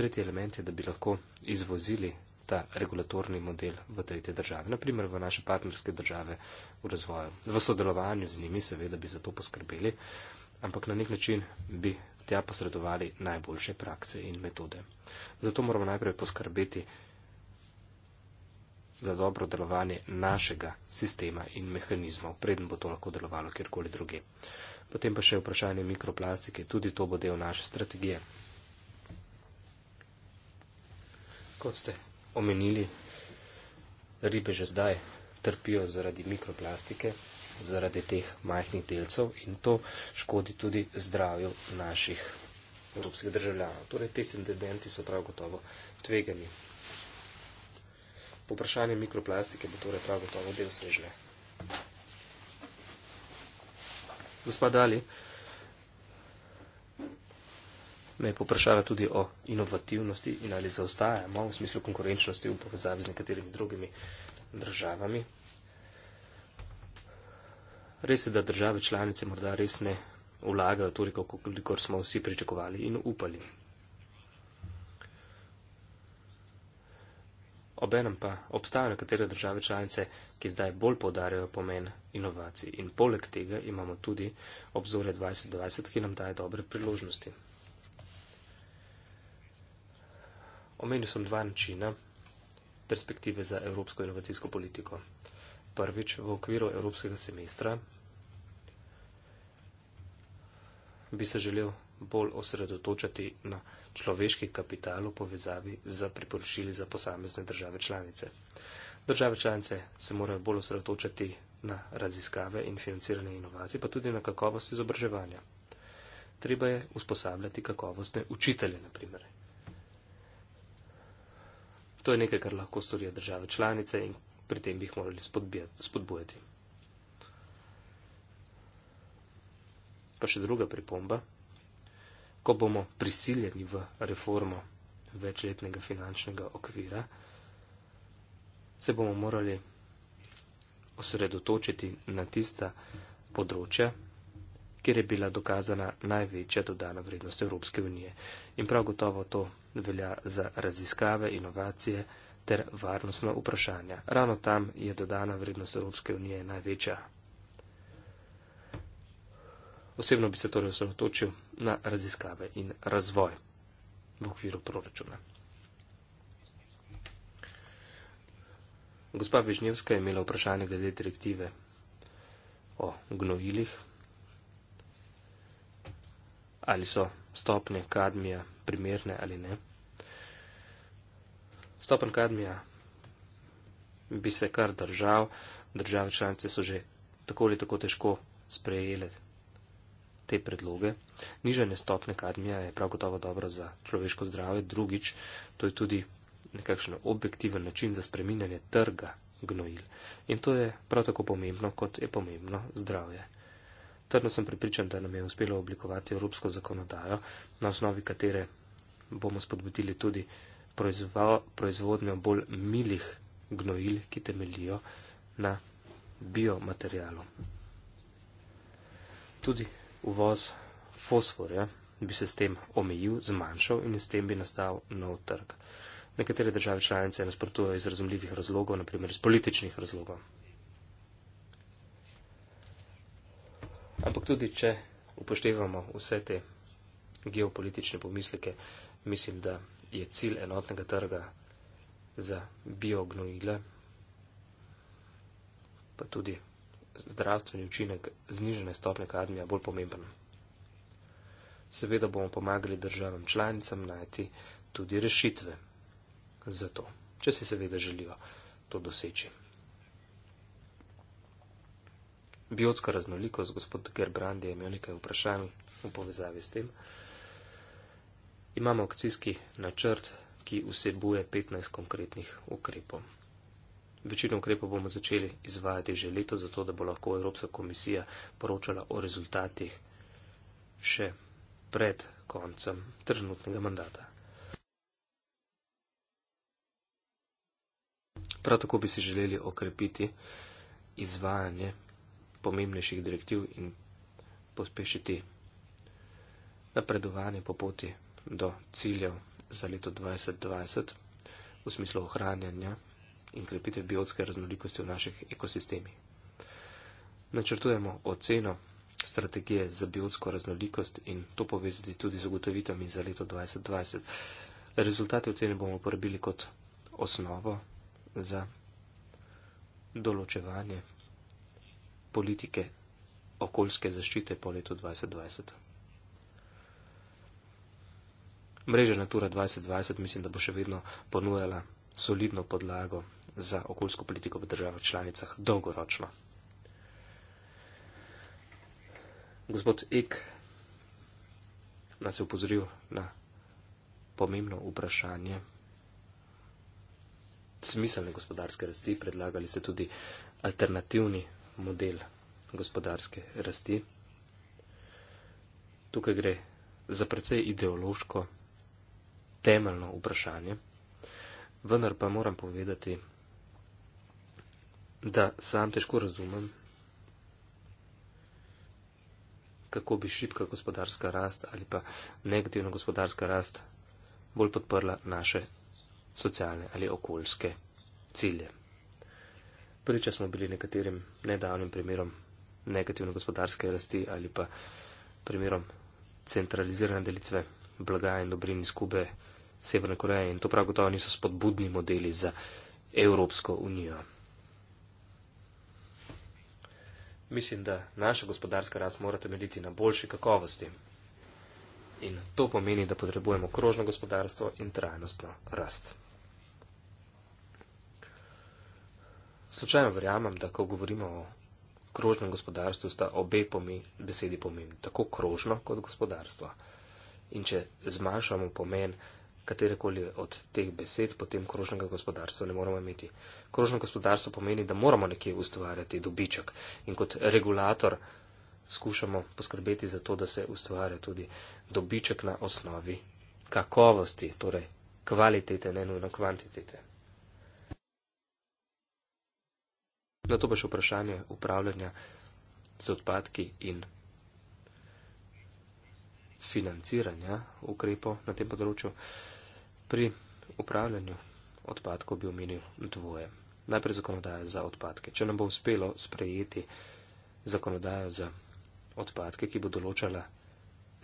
Tretji element je, da bi lahko izvozili ta regulatorni model v tretje države, naprimer v naše partnerske države v razvoju. V sodelovanju z njimi seveda bi za to poskrbeli, ampak na nek način bi tja posredovali najboljše prakse in metode. Zato moramo najprej poskrbeti za dobro delovanje našega sistema in mehanizmov, preden bo to lahko delovalo kjerkoli druge. Potem pa še vprašanje mikroplastike, tudi to bo del naše strategije. Kot ste omenili, ribe že zdaj trpijo zaradi mikroplastike, zaradi teh majhnih delcev in to škodi tudi zdravju naših evropskih državljanov. Torej, te sentimenti so prav gotovo tvegani. Poprašanje mikroplastike bo torej prav gotovo del svežne. Gospod Dali, me je poprašala tudi o inovativnosti in ali zaostajamo v smislu konkurenčnosti v povezavi z nekaterimi drugimi državami. Res je, da države članice morda res ne vlagajo toliko, koliko smo vsi pričakovali in upali. Obenem pa obstajajo nekatere države članice, ki zdaj bolj podarjajo pomen inovacij in poleg tega imamo tudi obzore 2020, ki nam daje dobre priložnosti. Omenil sem dva načina perspektive za evropsko inovacijsko politiko. Prvič, v okviru evropskega semestra bi se želel bolj osredotočati na človeški kapital v povezavi z priporočili za posamezne države članice. Države članice se morajo bolj osredotočati na raziskave in financiranje inovacij, pa tudi na kakovost izobraževanja. Treba je usposabljati kakovostne učitelje, naprimer, To je nekaj, kar lahko storijo države članice in pri tem bi jih morali spodbujati. Pa še druga pripomba. Ko bomo prisiljeni v reformo večletnega finančnega okvira, se bomo morali osredotočiti na tista področja, kjer je bila dokazana največja dodana vrednost Evropske unije. In prav gotovo to velja za raziskave, inovacije ter varnostna vprašanja. Ravno tam je dodana vrednost Evropske unije največja. Osebno bi se torej osredotočil na raziskave in razvoj v okviru proračuna. Gospa Vižnjevska je imela vprašanje glede direktive o gnojilih. Ali so stopnje kadmija primerne ali ne. Stopen kadmija bi se kar držal, države članice so že tako ali tako težko sprejele te predloge. Nižanje stopne kadmija je prav gotovo dobro za človeško zdravje, drugič, to je tudi nekakšen objektiven način za spreminjanje trga gnojil. In to je prav tako pomembno, kot je pomembno zdravje trdno sem pripričan, da nam je uspelo oblikovati evropsko zakonodajo, na osnovi katere bomo spodbudili tudi proizvodnjo bolj milih gnojil, ki temelijo na biomaterialu. Tudi uvoz fosforja bi se s tem omejil, zmanjšal in s tem bi nastal nov trg. Nekatere države članice nasprotujejo iz razumljivih razlogov, naprimer iz političnih razlogov. ampak tudi če upoštevamo vse te geopolitične pomisleke, mislim, da je cilj enotnega trga za biognoile, pa tudi zdravstveni učinek znižene stopne kadmija bolj pomemben. Seveda bomo pomagali državam članicam najti tudi rešitve za to, če si seveda želijo to doseči. biotska raznolikost, gospod Gerbrand je imel nekaj vprašanj v povezavi s tem. Imamo akcijski načrt, ki vsebuje 15 konkretnih ukrepov. Večino ukrepov bomo začeli izvajati že leto, zato da bo lahko Evropska komisija poročala o rezultatih še pred koncem trenutnega mandata. Prav tako bi si želeli okrepiti izvajanje pomembnejših direktiv in pospešiti napredovanje po poti do ciljev za leto 2020 v smislu ohranjanja in krepitve biotske raznolikosti v naših ekosistemih. Načrtujemo oceno strategije za biotsko raznolikost in to povezati tudi z ugotovitvami za leto 2020. Rezultate ocene bomo uporabili kot osnovo za določevanje politike okoljske zaščite po letu 2020. Mreža Natura 2020 mislim, da bo še vedno ponujala solidno podlago za okoljsko politiko v državah članicah dolgoročno. Gospod Ek nas je upozoril na pomembno vprašanje smiselne gospodarske rasti, predlagali se tudi alternativni model gospodarske rasti. Tukaj gre za precej ideološko, temeljno vprašanje, vendar pa moram povedati, da sam težko razumem, kako bi šibka gospodarska rast ali pa negativna gospodarska rast bolj podprla naše socialne ali okoljske cilje priča smo bili nekaterim nedavnim primerom negativne gospodarske rasti ali pa primerom centralizirane delitve blaga in dobrin iz Kube, Severne Koreje in to prav gotovo niso spodbudni modeli za Evropsko unijo. Mislim, da naša gospodarska rast mora temeljiti na boljši kakovosti. In to pomeni, da potrebujemo krožno gospodarstvo in trajnostno rast. Slučajno verjamem, da ko govorimo o krožnem gospodarstvu, sta obe pomi, besedi pomembni, tako krožno kot gospodarstvo. In če zmanjšamo pomen katerekoli od teh besed, potem krožnega gospodarstva ne moramo imeti. Krožno gospodarstvo pomeni, da moramo nekje ustvarjati dobiček in kot regulator skušamo poskrbeti za to, da se ustvarja tudi dobiček na osnovi kakovosti, torej kvalitete, ne nujno kvantitete. Zato pa še vprašanje upravljanja z odpadki in financiranja ukrepov na tem področju. Pri upravljanju odpadkov bi omenil dvoje. Najprej zakonodaje za odpadke. Če nam bo uspelo sprejeti zakonodajo za odpadke, ki bo določala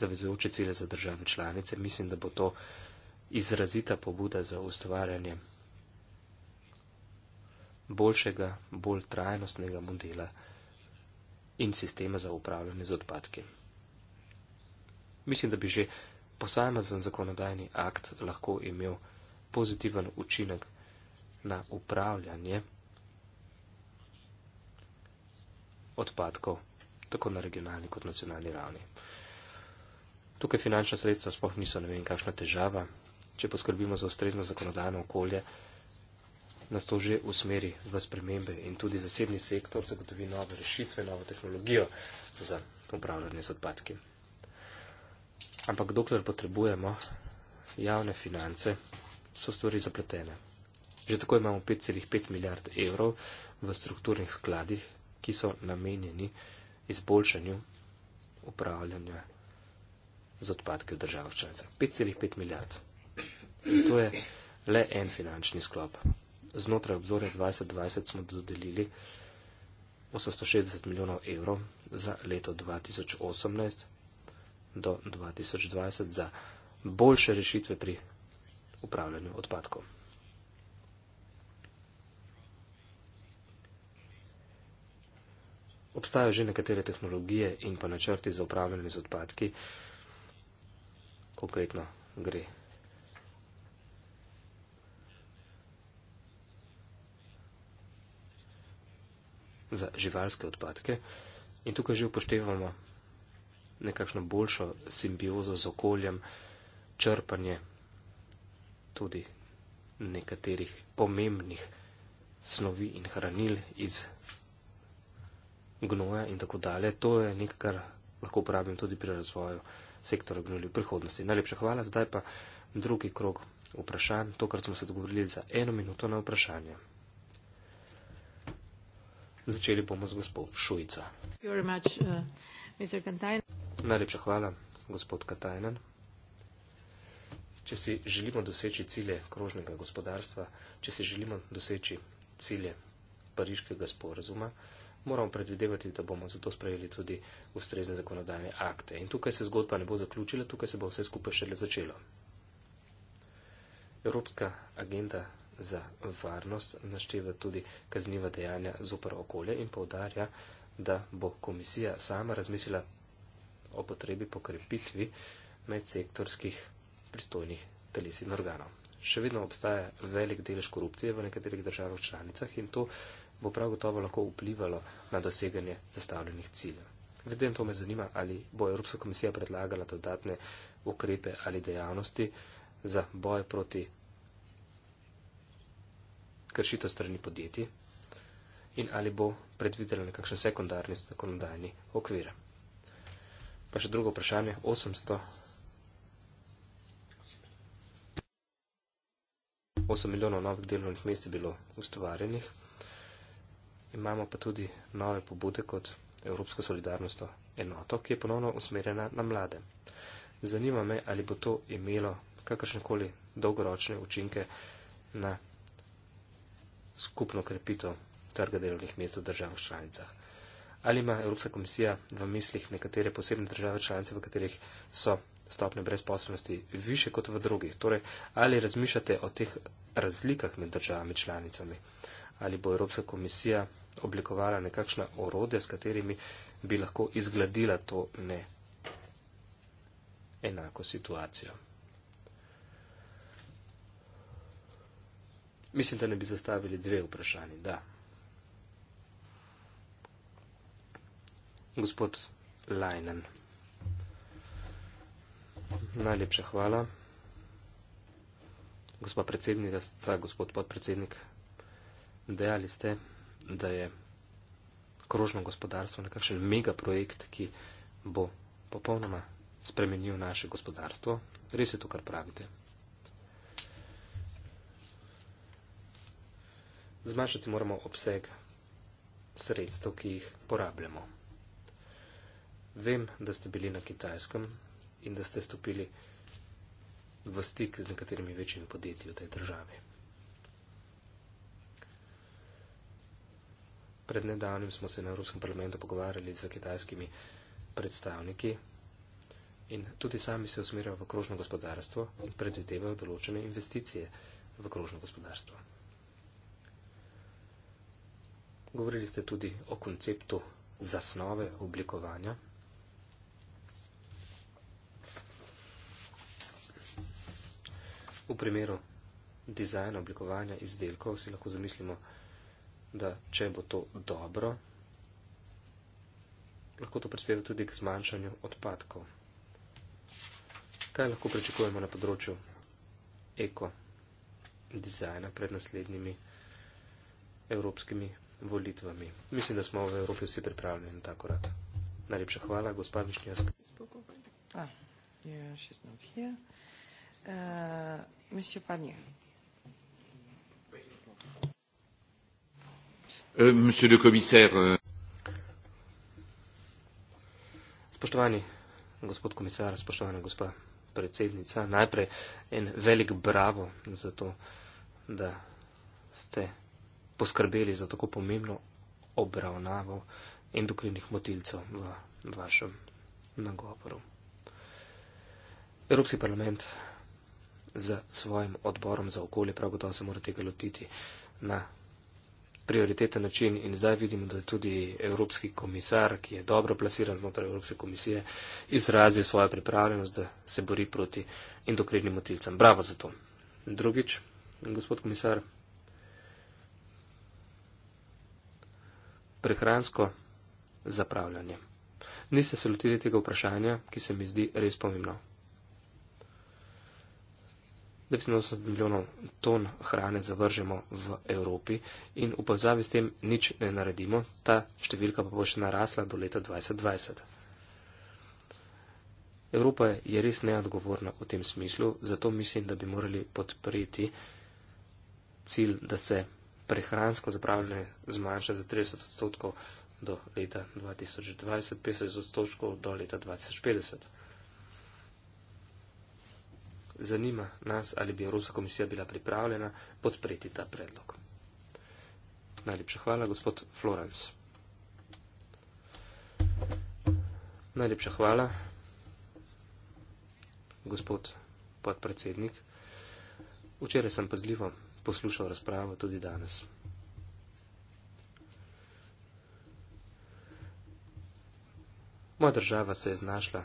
zavezujoče cilje za države članice, mislim, da bo to izrazita pobuda za ustvarjanje boljšega, bolj trajnostnega modela in sistema za upravljanje z odpadki. Mislim, da bi že posamezen zakonodajni akt lahko imel pozitiven učinek na upravljanje odpadkov, tako na regionalni kot nacionalni ravni. Tukaj finančna sredstva sploh niso ne vem kakšna težava, če poskrbimo za ustrezno zakonodajno okolje, nas to že usmeri v spremembe in tudi zasebni sektor zagotovi nove rešitve, novo tehnologijo za upravljanje z odpadki. Ampak dokler potrebujemo javne finance, so stvari zapletene. Že tako imamo 5,5 milijard evrov v strukturnih skladih, ki so namenjeni izboljšanju upravljanja z odpadki v državah članicah. 5,5 milijard. In to je le en finančni sklop, znotraj obzorja 2020 smo dodelili 860 milijonov evrov za leto 2018 do 2020 za boljše rešitve pri upravljanju odpadkov. Obstajajo že nekatere tehnologije in pa načrti za upravljanje z odpadki, konkretno gre za živalske odpadke in tukaj že upoštevamo nekakšno boljšo simbiozo z okoljem, črpanje tudi nekaterih pomembnih snovi in hranil iz gnoja in tako dalje. To je nekaj, kar lahko uporabim tudi pri razvoju sektora gnoja v prihodnosti. Najlepša hvala, zdaj pa drugi krok vprašanj. Tokrat smo se dogovorili za eno minuto na vprašanje. Začeli bomo z gospod Šujca. Much, uh, Najlepša hvala, gospod Katajnen. Če si želimo doseči cilje krožnega gospodarstva, če si želimo doseči cilje pariškega sporazuma, moramo predvidevati, da bomo zato sprejeli tudi ustrezne zakonodajne akte. In tukaj se zgodba ne bo zaključila, tukaj se bo vse skupaj šele začelo. Evropska agenda za varnost našteva tudi kazniva dejanja zoper okolje in povdarja, da bo komisija sama razmislila o potrebi po krepitvi medsektorskih pristojnih teles in organov. Še vedno obstaja velik delež korupcije v nekaterih državah članicah in to bo prav gotovo lahko vplivalo na doseganje zastavljenih ciljev. Vedem, to me zanima, ali bo Evropska komisija predlagala dodatne ukrepe ali dejavnosti za boj proti kršitev strani podjetij in ali bo predvidela nekakšen sekundarni zakonodajni okvir. Pa še drugo vprašanje, 800. 8 milijonov novih delovnih mest je bilo ustvarjenih. Imamo pa tudi nove pobude kot Evropsko solidarnostno enoto, ki je ponovno usmerjena na mlade. Zanima me, ali bo to imelo kakršnekoli dolgoročne učinke na skupno krepito trga delovnih mest v državah članicah. Ali ima Evropska komisija v mislih nekatere posebne države članice, v katerih so stopne brezposobnosti više kot v drugih? Torej, ali razmišljate o teh razlikah med državami članicami? Ali bo Evropska komisija oblikovala nekakšna orodja, s katerimi bi lahko izgledila to ne enako situacijo? Mislim, da ne bi zastavili dve vprašanji. Da. Gospod Lajnen, najlepša hvala. Gospod predsednik, ta gospod podpredsednik, dejali ste, da je krožno gospodarstvo nekakšen megaprojekt, ki bo popolnoma spremenil naše gospodarstvo. Res je to, kar pravite. zmanjšati moramo obseg sredstev, ki jih porabljamo. Vem, da ste bili na kitajskem in da ste stopili v stik z nekaterimi večjimi podjetji v tej državi. Pred nedavnim smo se na Evropskem parlamentu pogovarjali z kitajskimi predstavniki in tudi sami se usmerjajo v krožno gospodarstvo in predvidevajo določene investicije v krožno gospodarstvo. Govorili ste tudi o konceptu zasnove oblikovanja. V primeru dizajna oblikovanja izdelkov si lahko zamislimo, da če bo to dobro, lahko to prispeva tudi k zmanjšanju odpadkov. Kaj lahko pričakujemo na področju eko dizajna pred naslednjimi evropskimi volitvami. Mislim, da smo v Evropi vsi pripravljeni na ta korak. Najlepša hvala, gospod Višnja. Ah, uh, euh, euh. Spoštovani gospod komisar, spoštovana gospa predsednica, najprej en velik bravo za to, da ste poskrbeli za tako pomembno obravnavo endokrinih motilcev v vašem nagovoru. Evropski parlament z svojim odborom za okolje prav gotovo se mora tega lotiti na prioriteten način in zdaj vidimo, da je tudi evropski komisar, ki je dobro plasiran znotraj Evropske komisije, izrazil svojo pripravljenost, da se bori proti endokrinim motilcem. Bravo za to. Drugič, gospod komisar. prehransko zapravljanje. Niste se lotili tega vprašanja, ki se mi zdi res pomembno. 89 milijonov ton hrane zavržemo v Evropi in v povezavi s tem nič ne naredimo, ta številka pa bo še narasla do leta 2020. Evropa je res neodgovorna v tem smislu, zato mislim, da bi morali podpreti cilj, da se prehransko zapravljanje zmanjša za 30 odstotkov do leta 2020, 50 odstotkov do leta 2050. Zanima nas, ali bi Evropska komisija bila pripravljena podpreti ta predlog. Najlepša hvala, gospod Florence. Najlepša hvala, gospod podpredsednik. Včeraj sem pazljivo poslušal razpravo tudi danes. Moja država se je znašla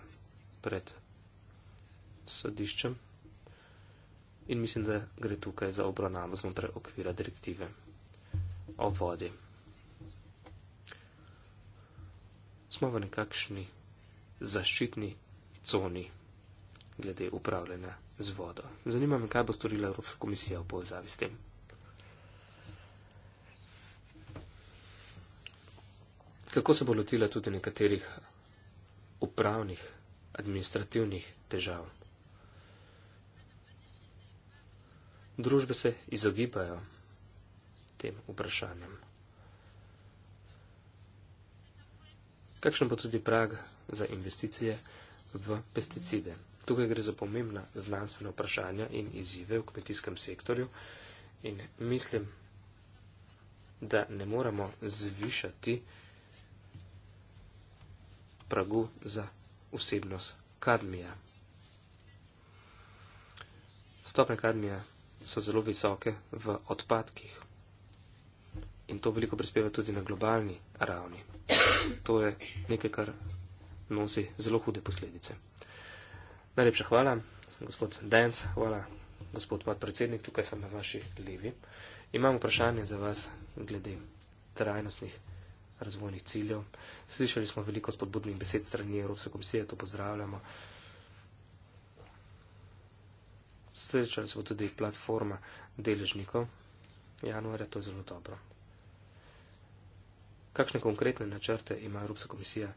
pred sodiščem in mislim, da gre tukaj za obravnavo znotraj okvira direktive o vodi. Smo v nekakšni zaščitni coni glede upravljanja z vodo. Zanima me, kaj bo storila Evropska komisija v povezavi s tem. Kako se bo lotila tudi nekaterih upravnih, administrativnih težav? Družbe se izogibajo tem vprašanjem. Kakšen bo tudi prag za investicije? v pesticide. Tukaj gre za pomembna znanstvena vprašanja in izzive v kmetijskem sektorju in mislim, da ne moramo zvišati pragu za vsebnost kadmija. Stopne kadmija so zelo visoke v odpadkih in to veliko prispeva tudi na globalni ravni. To je nekaj, kar nosi zelo hude posledice. Najlepša hvala, gospod Dens, hvala, gospod podpredsednik, tukaj sem na vaši levi. Imam vprašanje za vas glede trajnostnih razvojnih ciljev. Slišali smo veliko spodbudnih besed strani Evropske komisije, to pozdravljamo. Srečali smo tudi platforma deležnikov januarja, to je zelo dobro. Kakšne konkretne načrte ima Evropska komisija?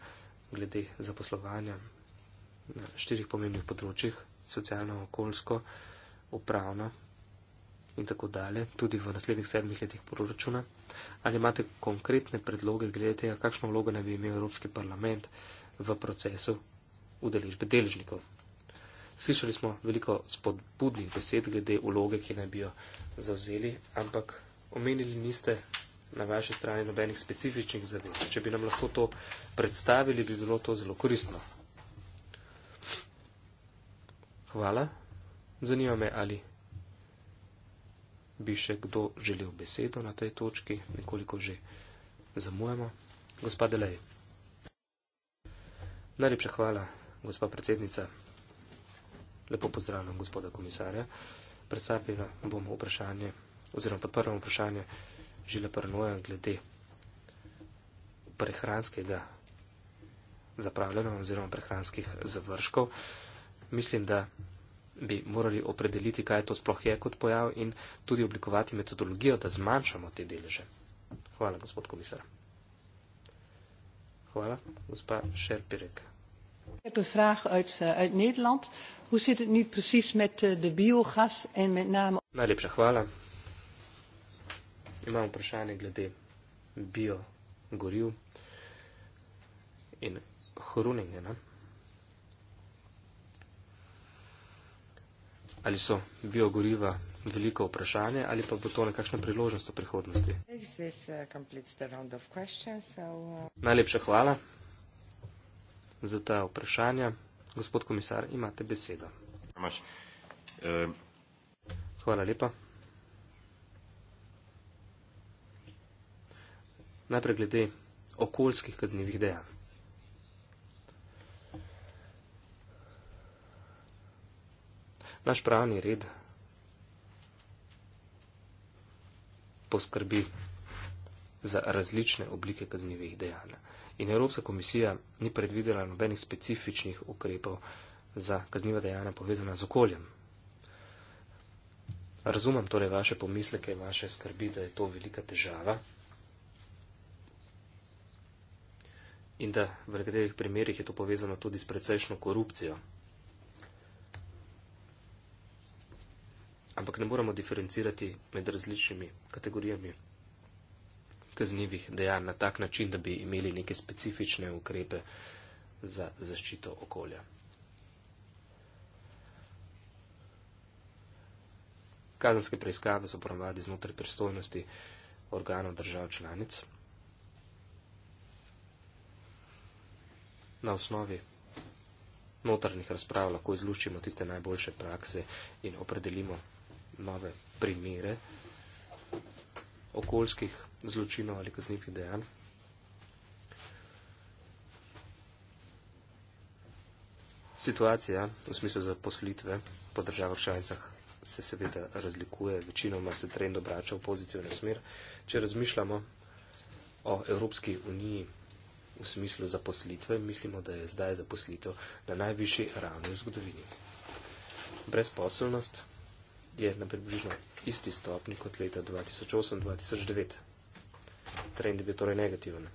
glede zaposlovanja na štirih pomembnih področjih, socialno, okoljsko, upravno in tako dalje, tudi v naslednjih sedmih letih proračuna. Ali imate konkretne predloge glede tega, kakšno vlogo naj bi imel Evropski parlament v procesu udeležbe deležnikov? Slišali smo veliko spodbudnih besed glede vloge, ki naj bi jo zauzeli, ampak omenili niste na vaši strani nobenih specifičnih zavez. Če bi nam lahko to predstavili, bi bilo to zelo koristno. Hvala. Zanima me, ali bi še kdo želel besedo na tej točki, nekoliko že zamujamo. Gospa Delej. Najlepša hvala, gospa predsednica. Lepo pozdravljam gospoda komisarja. Predstavila bom vprašanje oziroma podprla vprašanje žile prnoja glede prehranskega zapravljanja oziroma prehranskih završkov. Mislim, da bi morali opredeliti, kaj to sploh je kot pojav in tudi oblikovati metodologijo, da zmanjšamo te deleže. Hvala, gospod komisar. Hvala, gospa Šerpirek. Ik heb een vraag uit, uh, uit Nederland. Hoe zit het nu precies met uh, de biogas en met name... Najlepša hvala, imam vprašanje glede bio goril in horuninge. Ne? Ali so bio goriva veliko vprašanje ali pa bo to nekakšna priložnost v prihodnosti? Uh, uh, Najlepša hvala za ta vprašanja. Gospod komisar, imate besedo. Eh, hvala lepa. najprej glede okoljskih kaznjivih dejanj. Naš pravni red poskrbi za različne oblike kaznjivih dejanj. In Evropska komisija ni predvidela nobenih specifičnih ukrepov za kaznjiva dejanja povezana z okoljem. Razumem torej vaše pomisleke in vaše skrbi, da je to velika težava. in da v nekaterih primerjih je to povezano tudi s precejšno korupcijo. Ampak ne moramo diferencirati med različnimi kategorijami kaznivih dejanj na tak način, da bi imeli neke specifične ukrepe za zaščito okolja. Kazanske preiskave so pravadi znotraj pristojnosti organov držav članic, na osnovi notrnih razprav lahko izluščimo tiste najboljše prakse in opredelimo nove primere okoljskih zločinov ali kaznjivih dejanj. Situacija v smislu zaposlitve po državah članicah se seveda razlikuje, večinoma se trend obrača v pozitivno smer. Če razmišljamo o Evropski uniji v smislu zaposlitve, mislimo, da je zdaj zaposlitev na najvišji ravni v zgodovini. Brezposelnost je na približno isti stopni kot leta 2008-2009. Trend je bil torej negativen.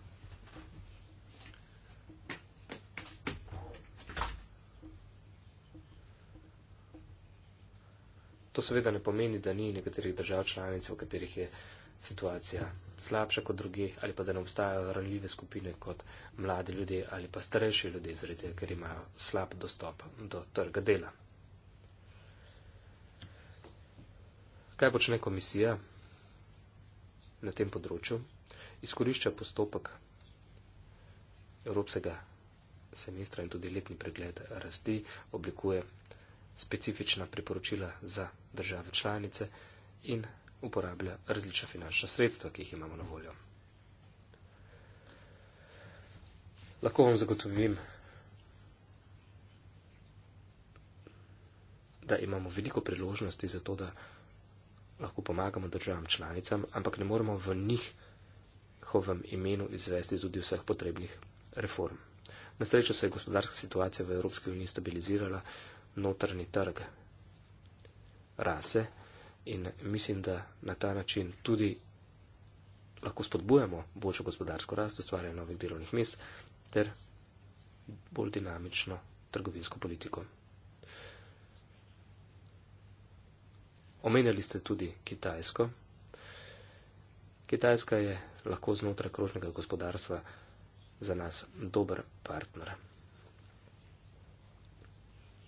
To seveda ne pomeni, da ni nekaterih držav članic, v katerih je situacija slabša kot druge ali pa da ne obstajajo ranljive skupine kot mladi ljudje ali pa starejši ljudje, zredje, ker imajo slab dostop do trga dela. Kaj počne komisija na tem področju? Izkorišča postopek Evropskega semestra in tudi letni pregled rasti, oblikuje specifična priporočila za države članice in uporablja različna finančna sredstva, ki jih imamo na voljo. Lahko vam zagotovim, da imamo veliko priložnosti za to, da lahko pomagamo državam članicam, ampak ne moramo v njih hovem imenu izvesti tudi vseh potrebnih reform. Na srečo se je gospodarska situacija v Evropski uniji stabilizirala, notrni trg rase in mislim, da na ta način tudi lahko spodbujamo boljšo gospodarsko rast, ustvarjanje novih delovnih mest ter bolj dinamično trgovinsko politiko. Omenjali ste tudi Kitajsko. Kitajska je lahko znotraj krožnega gospodarstva za nas dober partner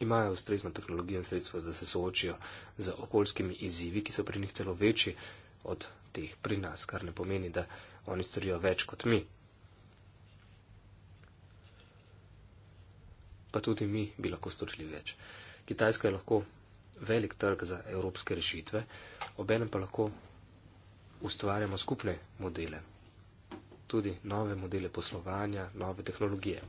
imajo ustrezno tehnologijo in sredstvo, da se soočijo z okoljskimi izzivi, ki so pri njih celo večji od teh pri nas, kar ne pomeni, da oni storijo več kot mi. Pa tudi mi bi lahko storili več. Kitajska je lahko velik trg za evropske rešitve, obenem pa lahko ustvarjamo skupne modele, tudi nove modele poslovanja, nove tehnologije.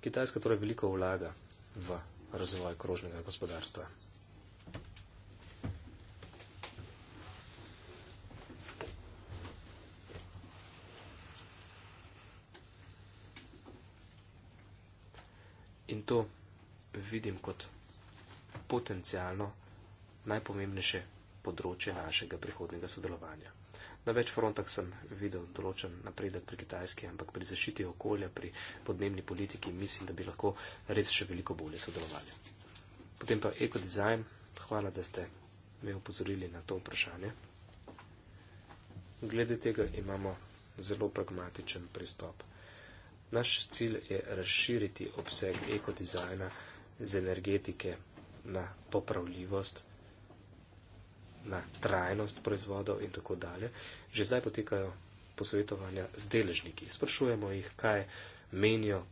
Kitajska torej veliko vlaga v razvoj krožnega gospodarstva. In to vidim kot potencijalno najpomembnejše področje našega prihodnega sodelovanja na več frontah sem videl določen napredek pri Kitajski, ampak pri zaščiti okolja, pri podnebni politiki mislim, da bi lahko res še veliko bolje sodelovali. Potem pa ekodizajn. Hvala, da ste me upozorili na to vprašanje. Glede tega imamo zelo pragmatičen pristop. Naš cilj je razširiti obseg ekodizajna z energetike na popravljivost na trajnost proizvodov in tako dalje. Že zdaj potekajo posvetovanja z deležniki. Sprašujemo jih, kaj menijo,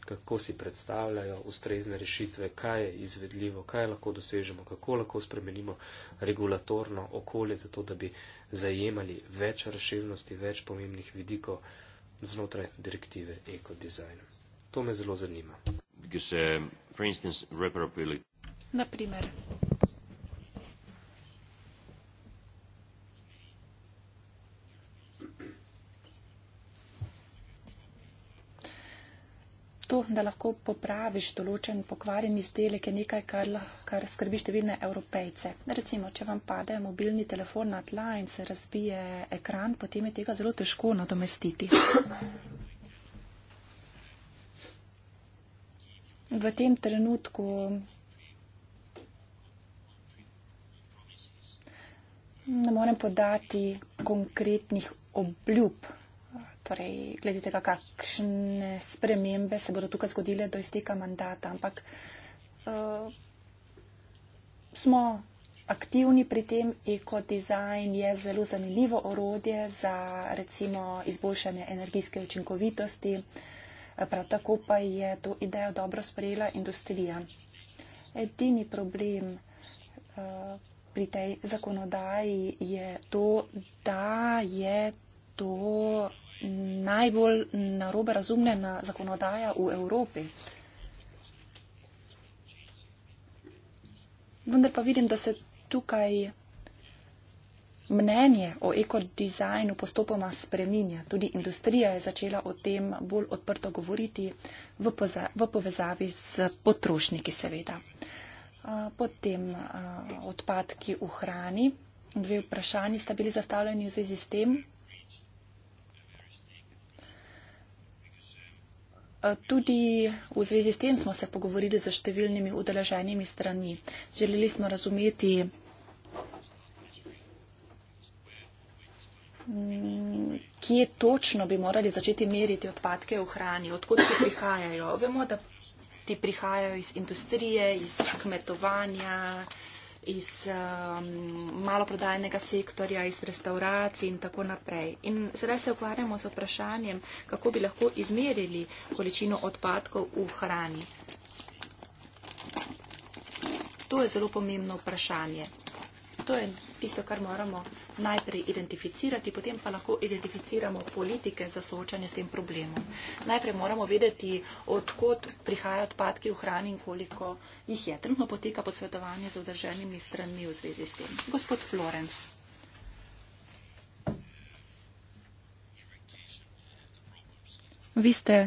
kako si predstavljajo ustrezne rešitve, kaj je izvedljivo, kaj lahko dosežemo, kako lahko spremenimo regulatorno okolje, zato da bi zajemali več razširnosti, več pomembnih vidikov znotraj direktive ekodizajn. To me zelo zanima. Because, um, for instance, reparability. Naprimer. receptu, da lahko popraviš določen pokvarjen izdelek, je nekaj, kar, kar skrbi številne evropejce. Recimo, če vam pade mobilni telefon na tla in se razbije ekran, potem je tega zelo težko nadomestiti. V tem trenutku. Ne morem podati konkretnih obljub, torej, glede tega, kakšne spremembe se bodo tukaj zgodile do izteka mandata. Ampak uh, smo aktivni pri tem, ekodizajn je zelo zanimivo orodje za recimo izboljšanje energijske učinkovitosti, eh, prav tako pa je to idejo dobro sprejela industrija. Edini problem uh, pri tej zakonodaji je to, da je to najbolj narobe razumljena zakonodaja v Evropi. Vendar pa vidim, da se tukaj mnenje o ekodizajnu postopoma spreminja. Tudi industrija je začela o tem bolj odprto govoriti v, v povezavi z potrošniki, seveda. Potem odpadki v hrani. Dve vprašanji sta bili zastavljeni v zvezi s tem. Eh, tudi v zvezi s tem smo se pogovorili z številnimi udeleženimi strani. Želeli smo razumeti, mm, kje točno bi morali začeti meriti odpadke v hrani, odkud se prihajajo. Vemo, da ti prihajajo iz industrije, iz kmetovanja, iz um, maloprodajnega sektorja, iz restauracij in tako naprej. In sedaj se ukvarjamo z vprašanjem, kako bi lahko izmerili količino odpadkov v hrani. To je zelo pomembno vprašanje to je tisto, kar moramo najprej identificirati, potem pa lahko identificiramo politike za soočanje s tem problemom. Najprej moramo vedeti, odkot prihajajo odpadki v hrani in koliko jih je. Trenutno poteka posvetovanje z vdrženimi strani v zvezi s tem. Gospod Florenc. Vi ste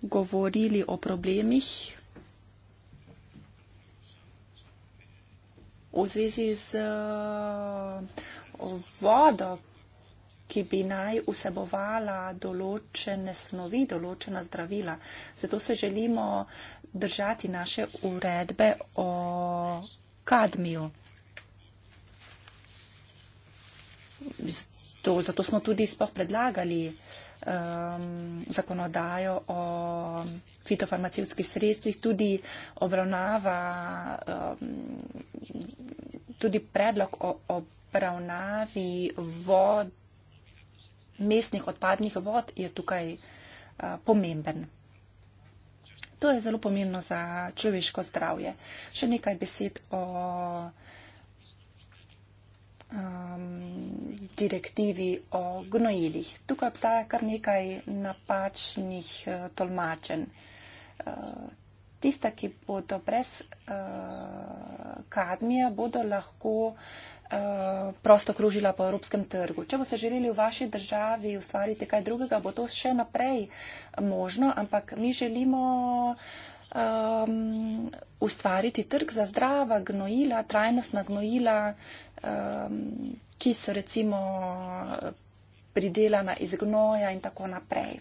govorili o problemih v zvezi z eh, vodo, ki bi naj vsebovala določene snovi, določena zdravila. Zato se želimo držati naše uredbe o kadmiju. Zato smo tudi spoh predlagali uh, um, zakonodajo o fitofarmacijskih sredstvih, tudi obravnava, um, tudi predlog o obravnavi vod, mestnih odpadnih vod je tukaj uh, pomemben. To je zelo pomembno za človeško zdravje. Še nekaj besed o. Um, direktivi o gnojilih. Tukaj obstaja kar nekaj napačnih eh, tolmačen. Eh, tista, ki bodo brez eh, kadmija, bodo lahko prosto kružila po evropskem trgu. Če boste želeli v vaši državi ustvariti kaj drugega, bo to še naprej možno, ampak mi želimo um, ustvariti trg za zdrava gnojila, trajnostna gnojila, um, ki so recimo eh, pridelana iz gnoja in tako naprej.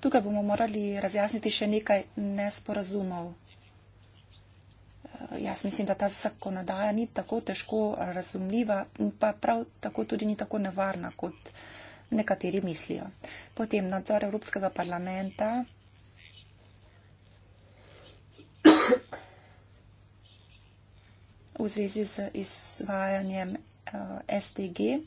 Tukaj bomo morali razjasniti še nekaj nesporazumov. Eh, jaz mislim, da ta zakonodaja ni tako težko razumljiva in pa prav tako tudi ni tako nevarna, kot nekateri mislijo. Potem nadzor Evropskega parlamenta v zvezi z izvajanjem eh, STG.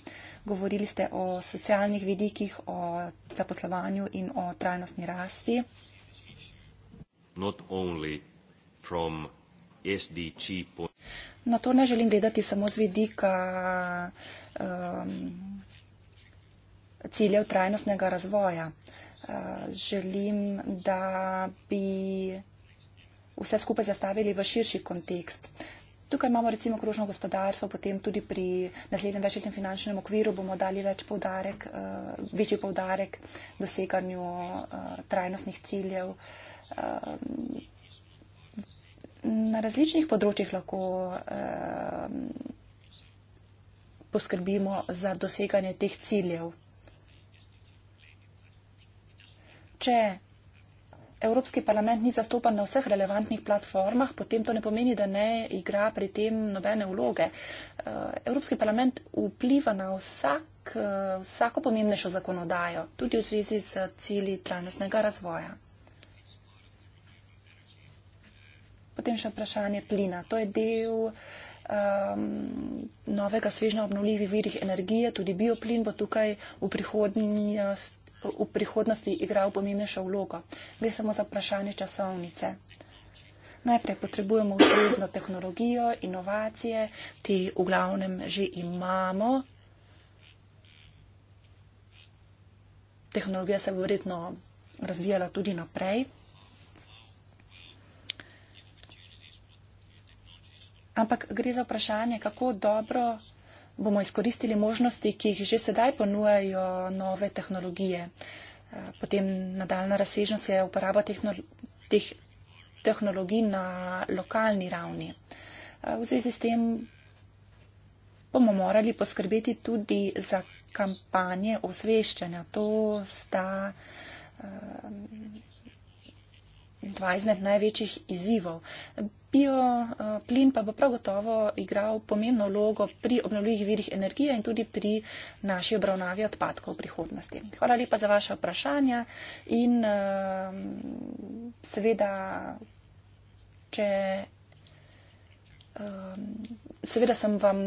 Govorili ste o socialnih vidikih, o zaposlovanju in o trajnostni rasti. No, to ne želim gledati samo z vidika um, ciljev trajnostnega razvoja. Uh, želim, da bi vse skupaj zastavili v širši kontekst. Tukaj imamo recimo krožno gospodarstvo, potem tudi pri naslednjem večletnem finančnem okviru bomo dali več povdarek, eh, večji povdarek doseganju eh, trajnostnih ciljev. Eh, na različnih področjih lahko poskrbimo za doseganje teh ciljev. Če Evropski parlament ni zastopan na vseh relevantnih platformah, potem to ne pomeni, da ne igra pri tem nobene vloge. Eh, Evropski parlament vpliva na vsak, eh, vsako pomembnejšo zakonodajo, tudi v zvezi z cilji trajnostnega razvoja. Potem še vprašanje plina. To je del um, novega svežna obnovljivih virih energije, tudi bioplin bo tukaj v prihodnosti v prihodnosti igral pomembnejšo vlogo. Gre samo za vprašanje časovnice. Najprej potrebujemo ustrezno tehnologijo, inovacije, ki v glavnem že imamo. Tehnologija se bo verjetno razvijala tudi naprej. Ampak gre za vprašanje, kako dobro bomo izkoristili možnosti, ki jih že sedaj ponujajo nove tehnologije. Eh, potem nadaljna razsežnost je uporaba teh tehnologij na lokalni ravni. Eh, v zvezi s tem bomo morali poskrbeti tudi za kampanje osveščanja. To sta eh, dva izmed največjih izzivov. Bioplin eh, pa bo prav gotovo igral pomembno vlogo pri obnovljivih virih energije in tudi pri naši obravnavi odpadkov v prihodnosti. Hvala lepa za vaše vprašanja in eh, seveda, če. Eh, seveda sem vam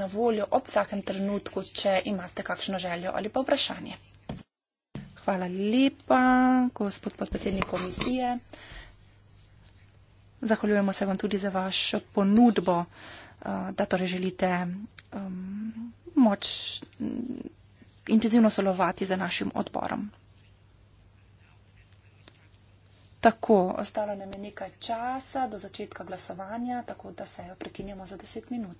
na voljo ob vsakem trenutku, če imate kakšno željo ali pa vprašanje. Hvala lepa, gospod podpredsednik komisije. Zahvaljujemo se vam tudi za vašo ponudbo, eh, da torej želite moč intenzivno solovati za našim odborom. Tako, ostalo nam je nekaj časa do začetka glasovanja, tako da se jo prekinjamo za deset minut.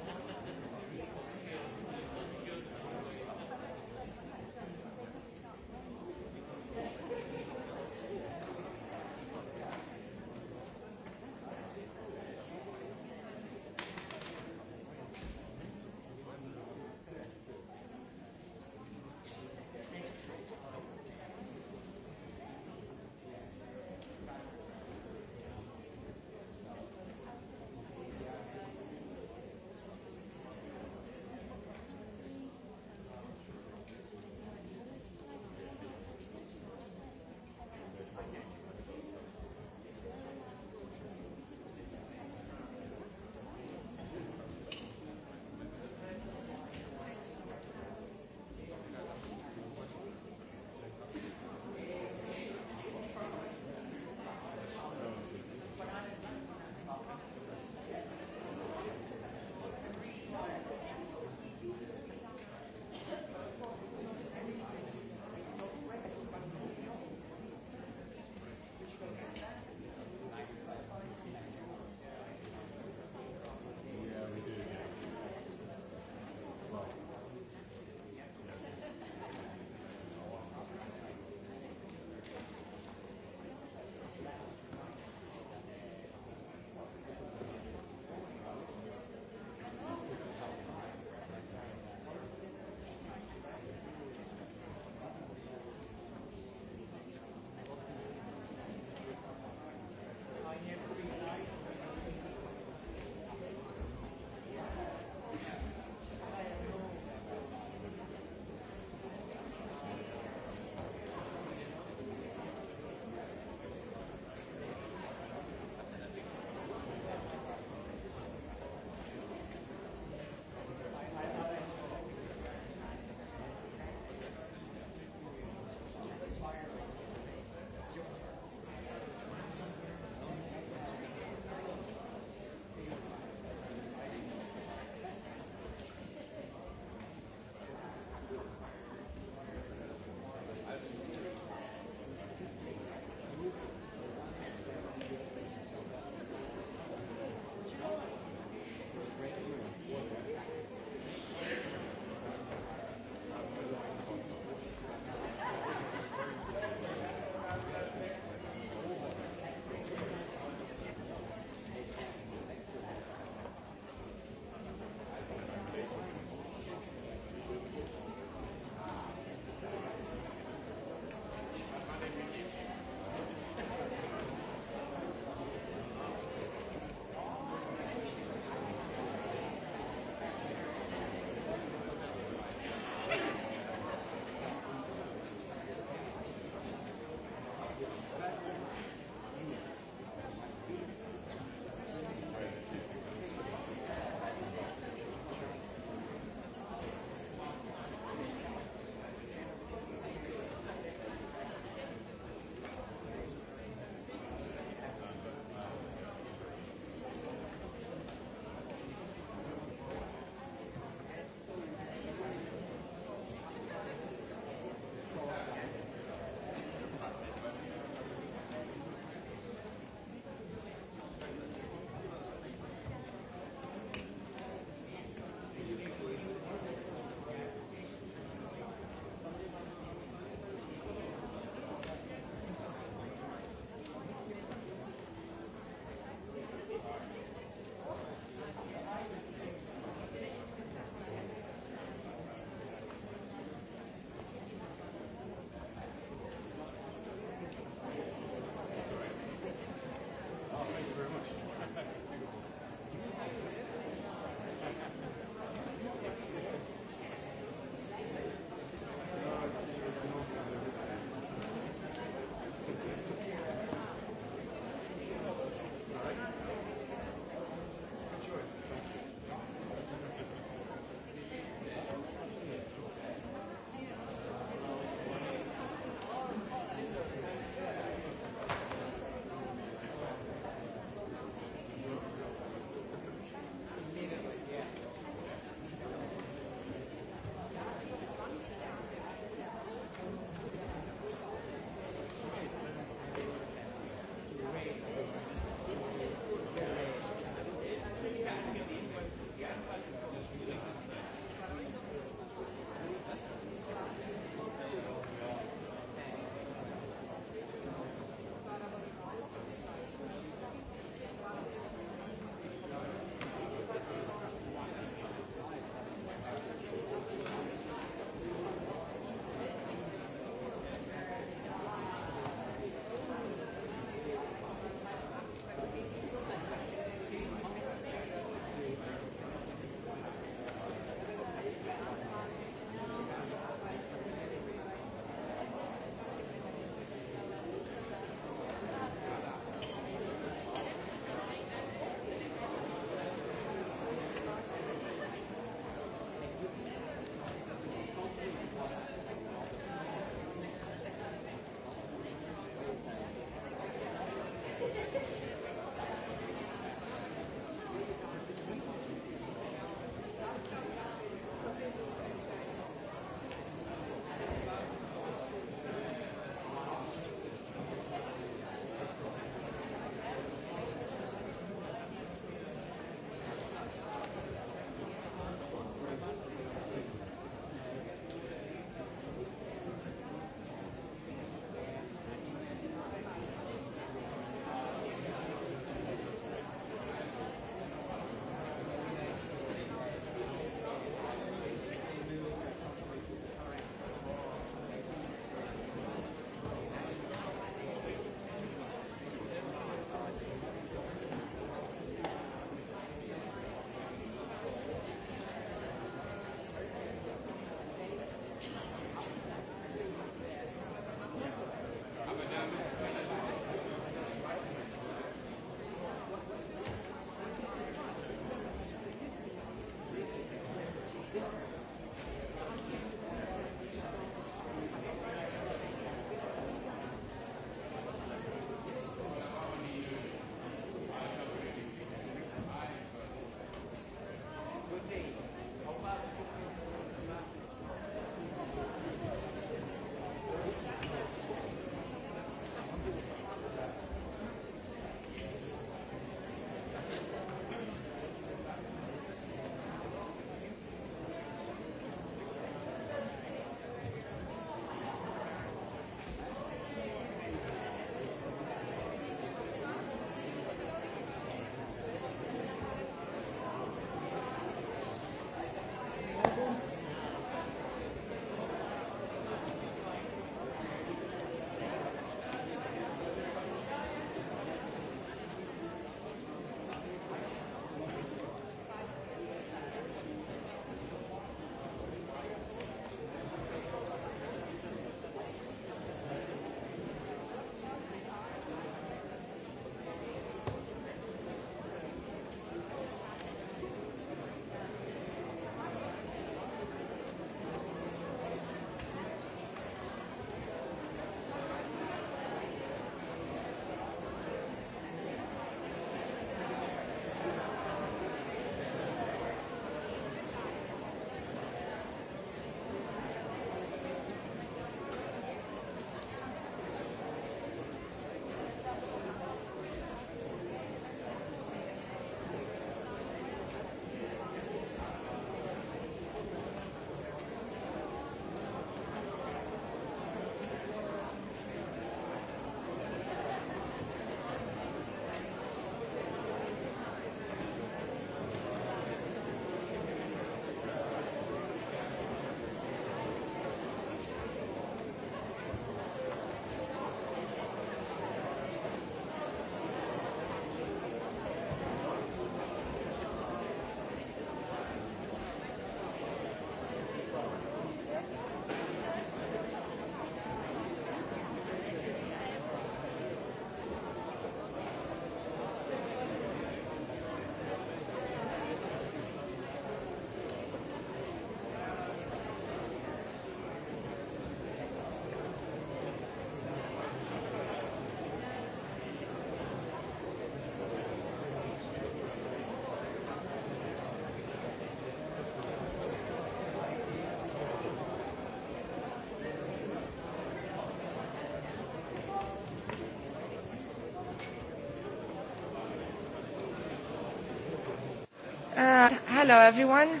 Hello, everyone.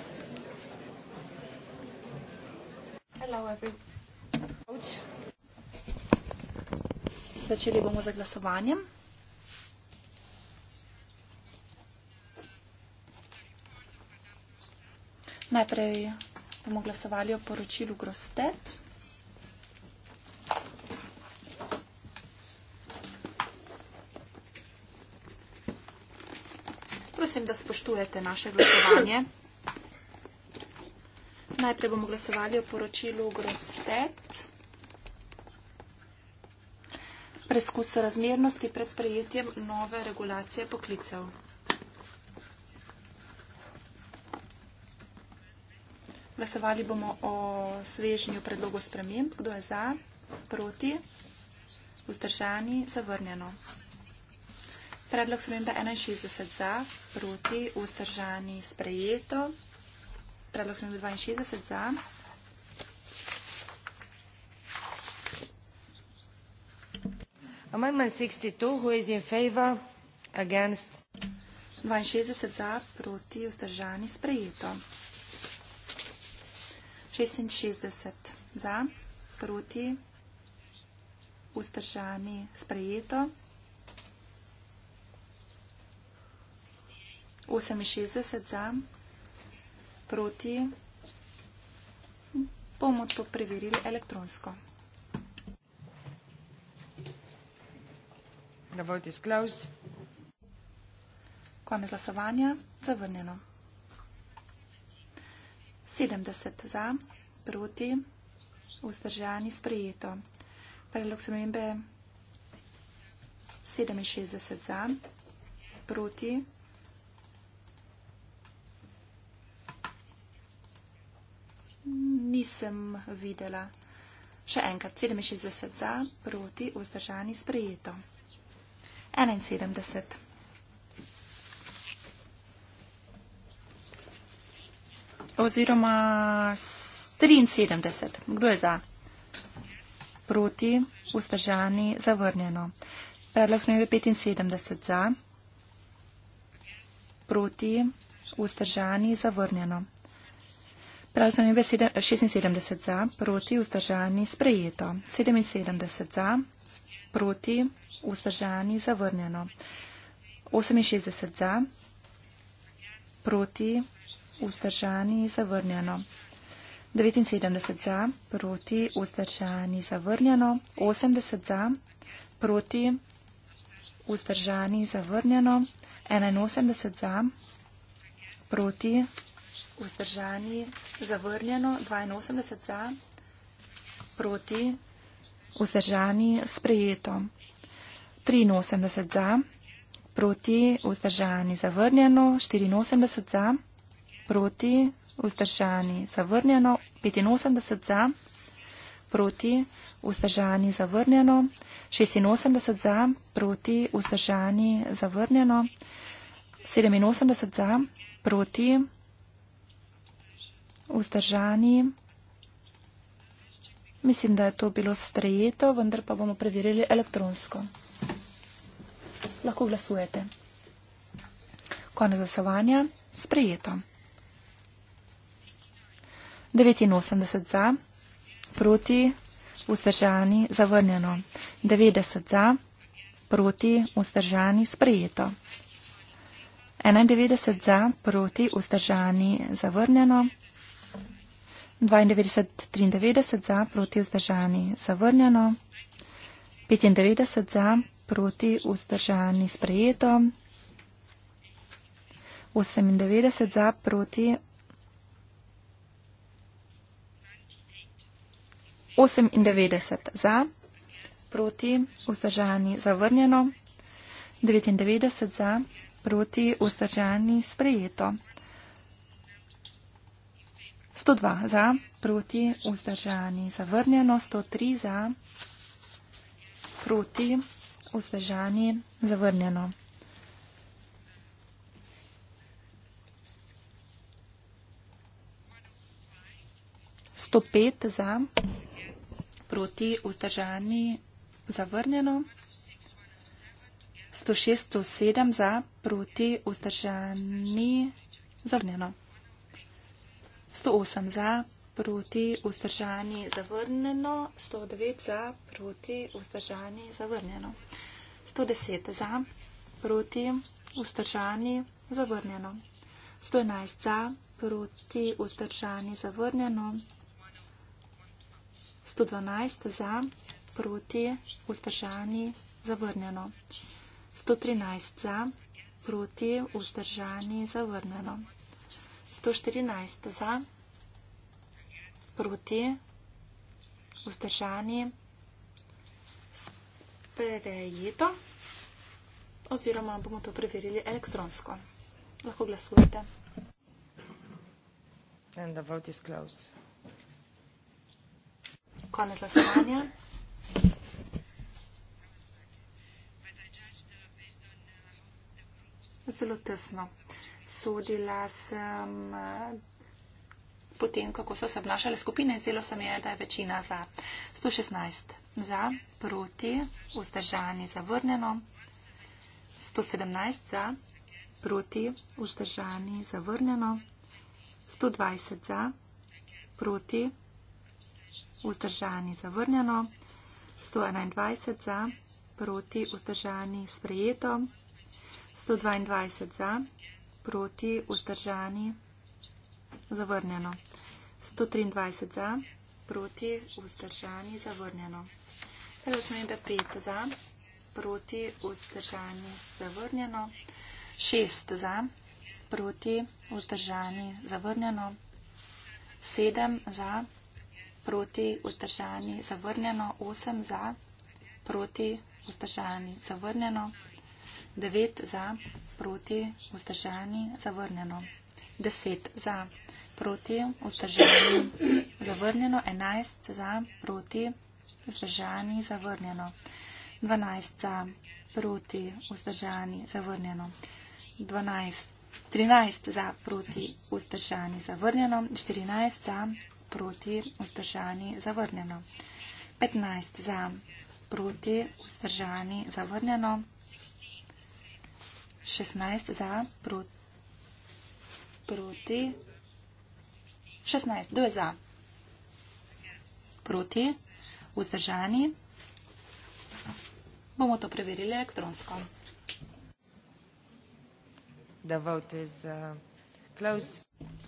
Hello, everyone. Začeli bomo z glasovanjem. Najprej bomo glasovali o poročilu Grostet. prosim, da spoštujete naše glasovanje. Najprej bomo glasovali o poročilu Grostet. Preskus so razmernosti pred sprejetjem nove regulacije poklicev. Glasovali bomo o svežnju predlogov sprememb. Kdo je za? Proti? Vzdržani? Zavrnjeno? Predlog spremembe 61 za, proti, vzdržani, sprejeto. Predlog spremembe 62 za. Amendment 62, who is in favor, against? 62 za, proti, vzdržani, sprejeto. 66 za, proti, vzdržani, sprejeto. 68 za, proti. Bomo to preverili elektronsko. The vote is closed. Konec glasovanja. Zavrnjeno. 70 za, proti, vzdržani, sprejeto. Predlog spremembe 67 za, proti. nisem videla. Še enkrat, 67 za, proti, vzdržani, sprejeto. 71. Oziroma 73. Kdo je za? Proti, vzdržani, zavrnjeno. Predlog smo imeli 75 za, proti, vzdržani, zavrnjeno. Pravzaprav je 76 za, proti vzdržani sprejeto. 77 za, proti vzdržani zavrnjeno. 68 za, proti vzdržani zavrnjeno. 79 za, proti vzdržani zavrnjeno. 80 za, proti vzdržani zavrnjeno. 81 za, proti vzdržani, zavrnjeno, 82 za, proti, vzdržani, sprejeto, 83 za, proti, vzdržani, zavrnjeno, 84 za, proti, vzdržani, zavrnjeno, 85 za, proti, vzdržani, zavrnjeno, 86 za, proti, vzdržani, zavrnjeno, 87 za, proti, vzdržani, zavrnjeno, vzdržani. Mislim, da je to bilo sprejeto, vendar pa bomo preverili elektronsko. Lahko glasujete. Konec glasovanja. Sprejeto. 89 za, proti, vzdržani, zavrnjeno. 90 za, proti, vzdržani, sprejeto. 91 za, proti, vzdržani, zavrnjeno. 92-93 za, proti vzdržani, zavrnjeno. 95 za, proti vzdržani, sprejeto. 98 za, proti. 98 za, proti vzdržani, zavrnjeno. 99 za, proti vzdržani, sprejeto. 102 za, proti, vzdržani, zavrnjeno, 103 za, proti, vzdržani, zavrnjeno. Sto pet za, proti, vzdržani, zavrnjeno. Sto šest, sto sedem za, proti, vzdržani, zavrnjeno. 108 za, proti, vzdržani, zavrnjeno. 109 za, proti, vzdržani, zavrnjeno. 110 za, proti, vzdržani, zavrnjeno. 111 za, proti, vzdržani, zavrnjeno. 112 za, proti, vzdržani, zavrnjeno. 113 za, proti, vzdržani, zavrnjeno. 114 za, proti, vzdržani, zavrnjeno. 114 za, proti, vzdržani, sprejeto oziroma bomo to preverili elektronsko. Lahko glasujete. And the vote is closed. Konec glasovanja. Zelo tesno sodila sem eh, potem, kako so se obnašale skupine in zdelo se mi je, da je večina za 116 za, proti, vzdržani, zavrnjeno, 117 za, proti, vzdržani, zavrnjeno, 120 za, proti, vzdržani, zavrnjeno, 121 za, proti, vzdržani, sprejeto, 122 za, proti, proti, vzdržani, zavrnjeno. 123 za, proti, vzdržani, zavrnjeno. Prvo smembe 5 za, proti, vzdržani, zavrnjeno. 6 za, proti, vzdržani, zavrnjeno. 7 za, proti, vzdržani, zavrnjeno. 8 za, proti, vzdržani, zavrnjeno. 9 za, proti, vzdržani, zavrnjeno. 10 za, proti, vzdržani, zavrnjeno. 11 za, proti, vzdržani, zavrnjeno. 12 za, proti, vzdržani, zavrnjeno. 12, 13 za, proti, vzdržani, zavrnjeno. 14 za, proti, vzdržani, zavrnjeno. 15 za, proti, vzdržani, zavrnjeno. 15 za, proti, vzdržani, zavrnjeno. 16 za, pro, proti. 16, 2 za. Proti, vzdržani. Bomo to preverili elektronsko. Da vote is uh, closed.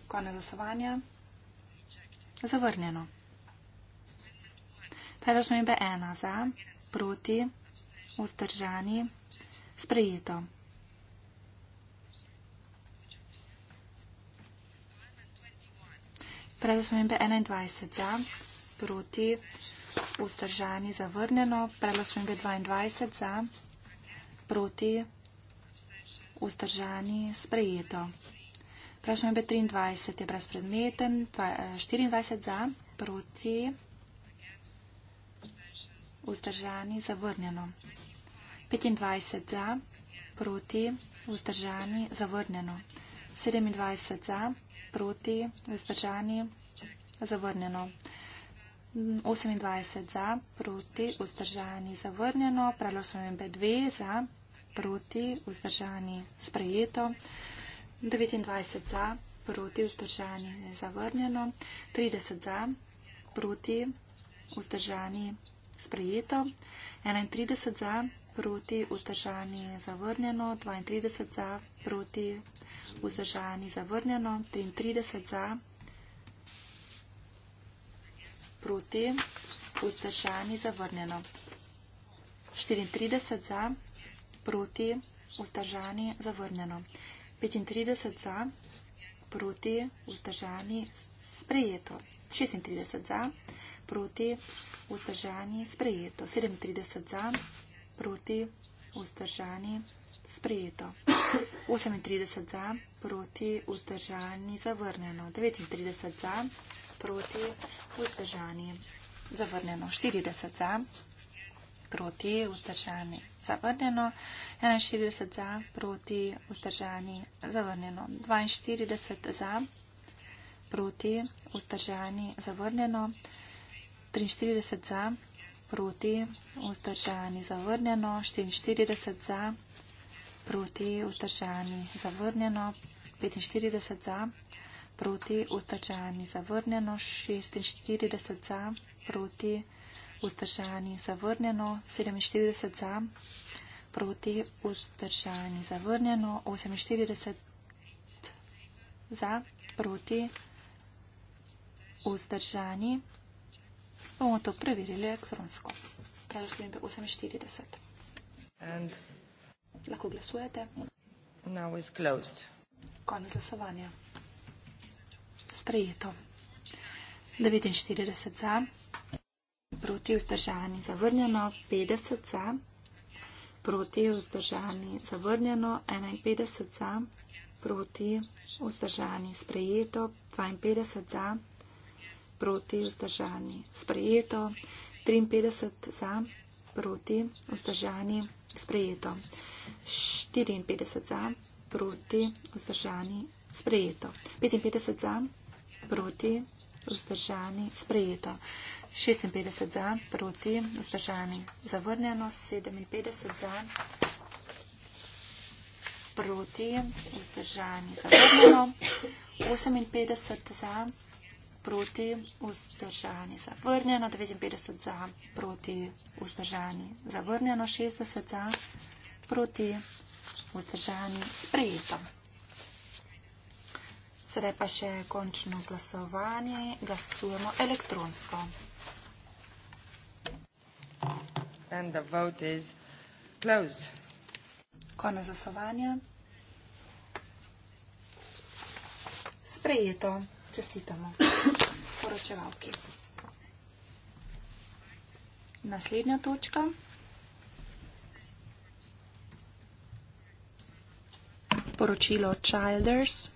Konec zasovanja. Zavrnjeno. Pelež mi be ena za, proti, vzdržani, sprejeto. Predlog spremembe 21 za, proti, vzdržani, zavrnjeno. Predlog spremembe 22 za, proti, vzdržani, sprejeto. Predlog spremembe 23 je brezpredmeten, 24 eh, za, proti, vzdržani, zavrnjeno. 25 za, proti, vzdržani, zavrnjeno. 27 za, proti, vzdržani, zavrnjeno proti, vzdržani, zavrnjeno. 28 za, proti, vzdržani, zavrnjeno. Predlog spremembe 2 za, proti, vzdržani, sprejeto. 29 za, proti, vzdržani, zavrnjeno. 30 za, proti, vzdržani, sprejeto. 31 za, proti, vzdržani, zavrnjeno. 32 za, proti, vzdržani vzdržani zavrnjeno, 33 za, proti, vzdržani zavrnjeno, 34 za, proti, vzdržani zavrnjeno, 35 za, proti, vzdržani sprejeto, 36 za, proti, vzdržani sprejeto, 37 za, proti, vzdržani sprejeto. 38 za, proti vzdržani, zavrnjeno. 39 za, proti vzdržani, zavrnjeno. 40 za, proti vzdržani, zavrnjeno. 41 za, proti vzdržani, zavrnjeno. 42 za, proti vzdržani, zavrnjeno. 43 za, proti vzdržani, zavrnjeno. 44 za, proti vzdržani, zavrnjeno proti vzdržani zavrnjeno, 45 za, proti vzdržani zavrnjeno, 46 za, proti vzdržani zavrnjeno, 47 za, proti vzdržani zavrnjeno, 48 za, proti vzdržani. Bomo to preverili elektronsko. Prejšnji je bil 48. And Lahko glasujete. Now is closed. Konec glasovanja. Sprejeto. 49 za, proti vzdržani zavrnjeno, 50 za, proti vzdržani zavrnjeno, 51 za, proti vzdržani sprejeto, 52 za, proti vzdržani sprejeto, 53 za, proti vzdržani sprejeto sprejeto. 54 za, proti, vzdržani, sprejeto. 55 za, proti, vzdržani, sprejeto. 56 za, proti, vzdržani, zavrnjeno. 57 za, proti, vzdržani, zavrnjeno. 58 za, proti, vzdržani, zavrnjeno proti, vzdržani, zavrnjeno, 59 za, proti, vzdržani, zavrnjeno, 60 za, proti, vzdržani, sprejeto. Sedaj pa še končno glasovanje, glasujemo elektronsko. And the vote is closed. Konec glasovanja. Sprejeto čestitamo poročevalki. Naslednja točka. Poročilo Childers.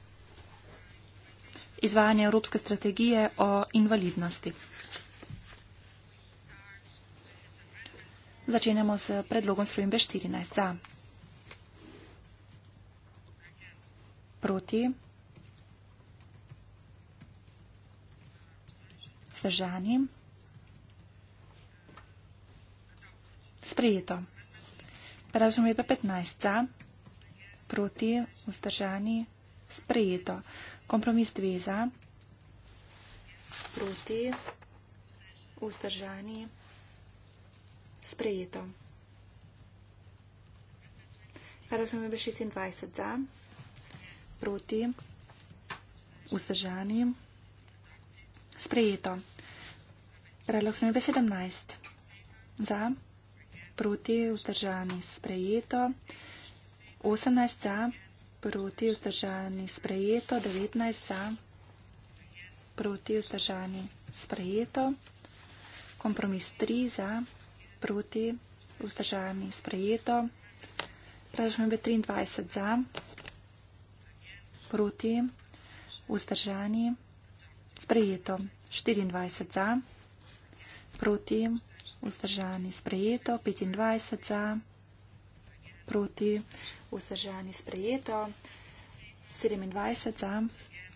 Izvajanje Evropske strategije o invalidnosti. Začenjamo s predlogom spremembe 14. Za. Proti. vzdržani. Sprejeto. Razum je pa 15. Proti vzdržani. Sprejeto. Kompromis dveza. Proti vzdržani. Sprejeto. Razum je pa 26. Za. Proti vzdržani. Sprejeto. Predlog smo imeli 17. Za, proti, vzdržani, sprejeto. 18 za, proti, vzdržani, sprejeto. 19 za, proti, vzdržani, sprejeto. Kompromis 3 za, proti, vzdržani, sprejeto. Predlog smo imeli 23 za, proti, vzdržani, sprejeto. 24 za proti, vzdržani sprejeto, 25 za, proti, vzdržani sprejeto, 27 za,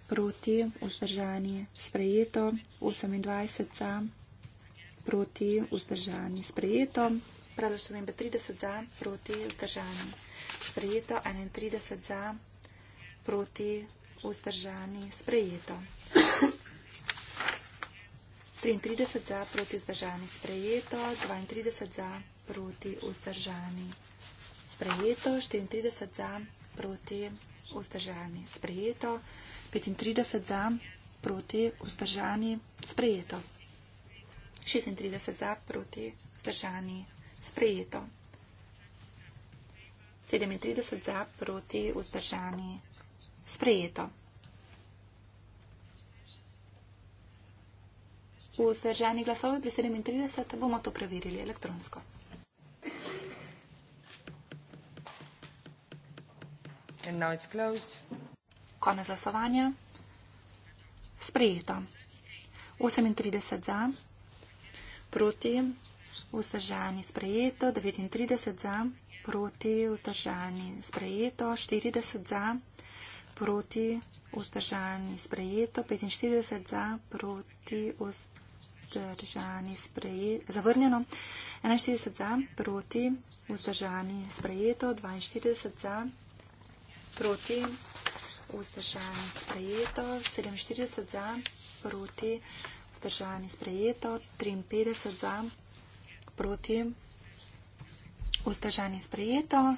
proti, vzdržani sprejeto, 28 za, proti, vzdržani sprejeto, pravi spremembe 30 za, proti, vzdržani sprejeto, 31 za, proti, vzdržani sprejeto. 33 za, proti vzdržani sprejeto, 32 za, proti vzdržani sprejeto, 34 za, proti vzdržani sprejeto, 35 za, proti vzdržani sprejeto, 36 za, proti vzdržani sprejeto, 37 za, proti vzdržani sprejeto. vzdrženi glasovi pri 37, bomo to preverili elektronsko. Konec glasovanja. Sprejeto. 38 za, proti, vzdržani sprejeto, 39 za, proti, vzdržani sprejeto, 40 za, proti, vzdržani sprejeto, 45 za, proti, vzdržani sprejeto. Rečani zavrnjeno, 41 za, proti, vzdržani sprejeto, 42 za, proti, vzdržani sprejeto, 47 za, proti, vzdržani sprejeto, 53 za, proti, vzdržani sprejeto,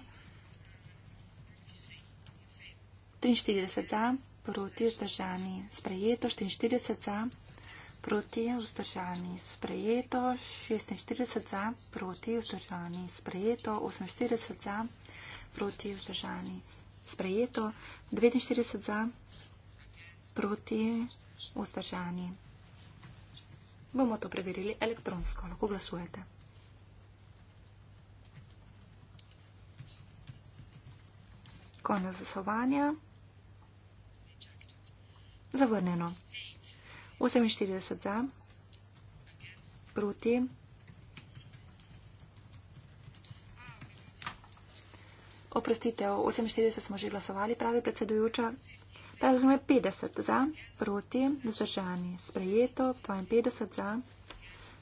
43 za, proti, vzdržani sprejeto, 44 za, proti, proti, vzdržani, sprejeto, 46 za, proti, vzdržani, sprejeto, 48 za, proti, vzdržani, sprejeto, 49 za, proti, vzdržani. Bomo to preverili elektronsko, lahko glasujete. Konec zasovanja. Zavrneno. 48 za, proti. Oprostite, 48 smo že glasovali, pravi predsedujoča. Prazno je 50 za, proti, vzdržani, sprejeto, 52 za,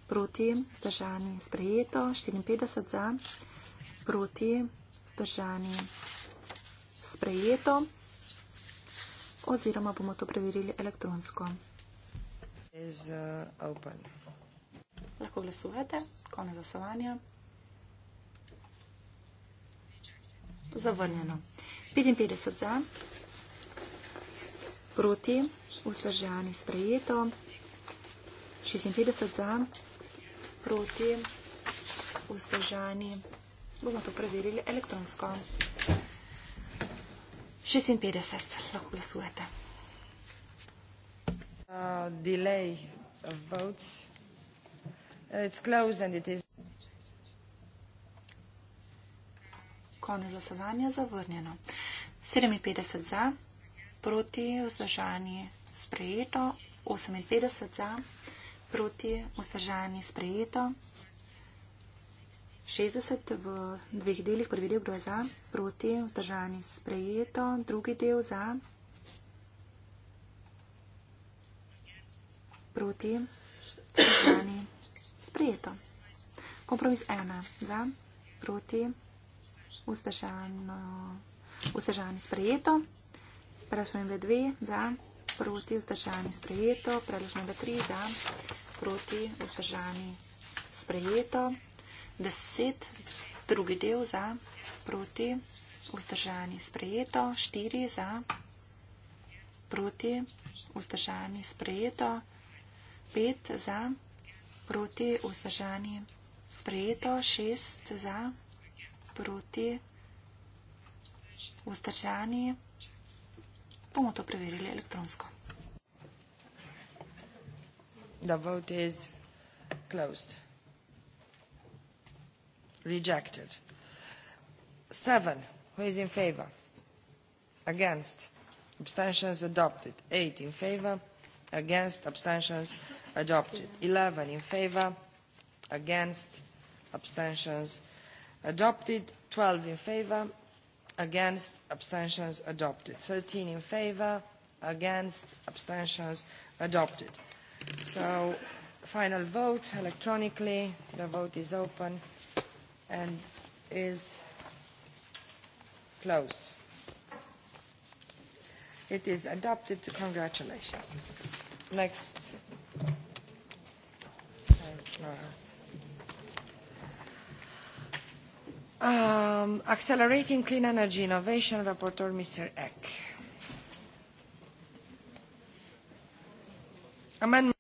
proti, vzdržani, sprejeto, 54 za, proti, vzdržani, sprejeto, oziroma bomo to preverili elektronsko is uh, open. Lahko glasujete, konec glasovanja. Zavrnjeno. 55 za, proti, vzdržani sprejeto. 56 za, proti, vzdržani. Bomo to preverili elektronsko. 56, lahko glasujete. Uh, delay of votes. Uh, it's closed and it is. Konec zasedanja zavrnjeno. 57 za, proti vzdržani sprejeto, 58 za, proti vzdržani sprejeto, 60 v dveh delih, prvi del je za, proti vzdržani sprejeto, drugi del za. proti, vzdržani, sprejeto. Kompromis ena, za, proti, vzdržani, sprejeto. Prašnjeve dve, za, proti, vzdržani, sprejeto. Prašnjeve tri, za, proti, vzdržani, sprejeto. Deset, drugi del, za, proti, vzdržani, sprejeto. Štiri, za, proti, vzdržani, sprejeto. 5 za, proti vzdržani. Sprejeto 6 za, proti vzdržani. Bomo to preverili elektronsko. The vote is closed. Rejected. Seven. Who is in favor? Against. Abstentions adopted. Eight in favor. Against. Abstentions adopted adopted. 11 in favor, against, abstentions, adopted. 12 in favor, against, abstentions, adopted. 13 in favor, against, abstentions, adopted. So, final vote electronically. The vote is open and is closed. It is adopted. Congratulations. Next. Um, accelerating clean energy innovation, Rapporteur Mr. Eck. Amen.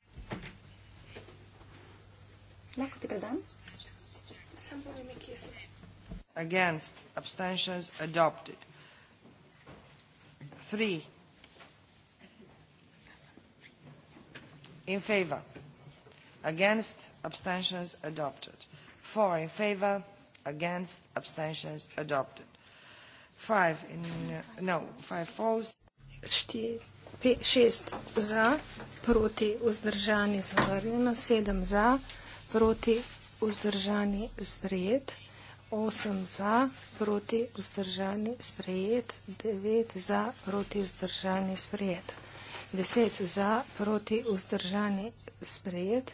Against abstentions adopted. Three. In favor against abstentions adopted four in favor against abstentions adopted five in uh, no five false Štiri, šest za proti vzdržani zavrnjeno sedem za proti vzdržani sprejet osem za proti vzdržani sprejet devet za proti vzdržani sprejet 10 za, proti vzdržani sprejet,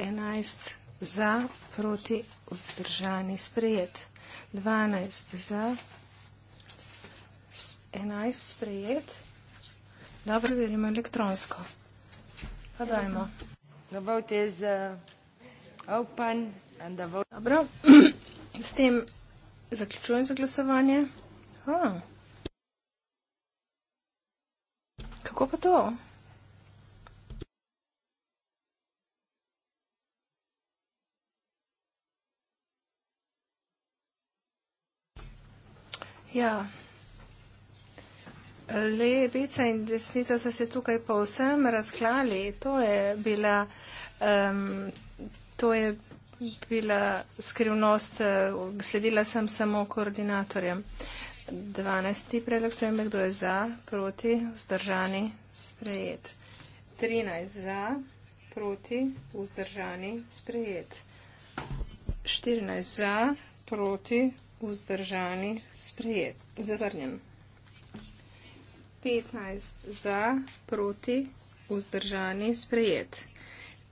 11 za, proti vzdržani sprejet, 12 za, 11 sprejet. Dobro, delimo elektronsko. Pa dajmo. Uh, Dobro, s tem zaključujem zaglasovanje. Oh. kako pa to? Ja, levica in desnica so se tukaj povsem razklali. To je bila, um, to je bila skrivnost, eh, sledila sem samo koordinatorjem. 12. predlog spremembe, kdo je za, proti, vzdržani, sprejet. 13. za, proti, vzdržani, sprejet. 14. za, proti, vzdržani, sprejet. Zavrnjen. 15. za, proti, vzdržani, sprejet.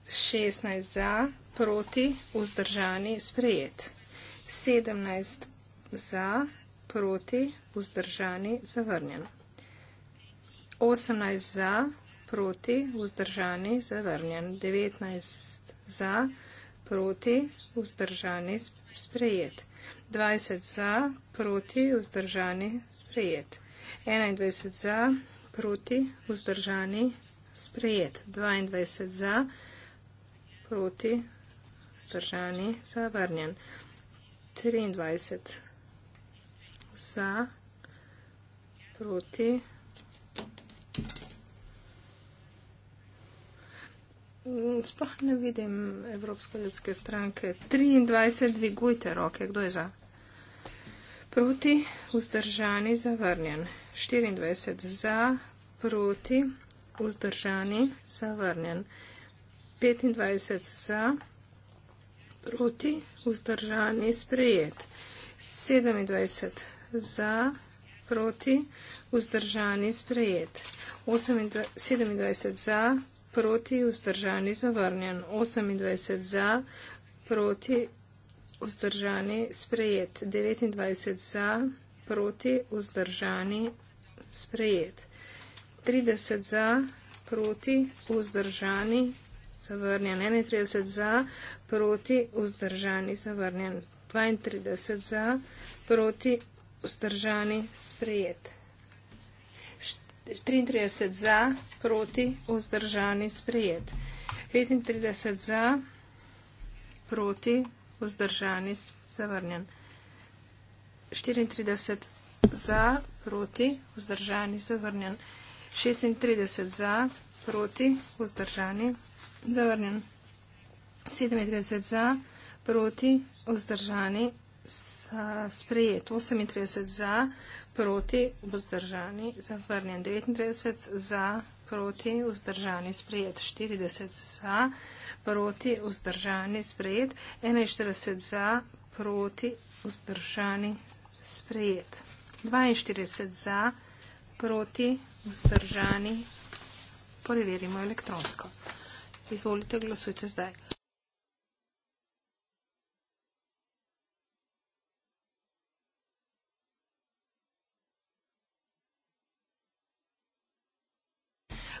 16. za, proti, vzdržani, sprejet. 17. za, proti, vzdržani, sprejet proti, vzdržani, zavrnjen. 18 za, proti, vzdržani, zavrnjen. 19 za, proti, vzdržani, sprejet. 20 za, proti, vzdržani, sprejet. 21 za, proti, vzdržani, sprejet. 22 za, proti, vzdržani, zavrnjen. 23 za za, proti. Sploh ne vidim Evropske ljudske stranke. 23, dvigujte roke, kdo je za. Proti, vzdržani, zavrnjen. 24 za, proti, vzdržani, zavrnjen. 25 za, proti, vzdržani, sprejet. 27 za za, proti, vzdržani, sprejet. 27 za, proti, vzdržani, zavrnjen. 28 za, proti, vzdržani, sprejet. 29 za, proti, vzdržani, sprejet. 30 za, proti, vzdržani, zavrnjen. 31 za, proti, vzdržani, zavrnjen. 32 za, proti, vzdržani, sprejet. 33 za, proti, vzdržani, sprejet. 35 za, proti, vzdržani, zavrnjen. 34 za, proti, vzdržani, zavrnjen. 36 za, proti, vzdržani, zavrnjen. 37 za, proti, vzdržani, zavrnjen sprejet. 38 za, proti, vzdržani, zavrnjen. 39 za, proti, vzdržani, sprejet. 40 za, proti, vzdržani, sprejet. 41 za, proti, vzdržani, sprejet. 42 za, proti, vzdržani, preverimo elektronsko. Izvolite, glasujte zdaj.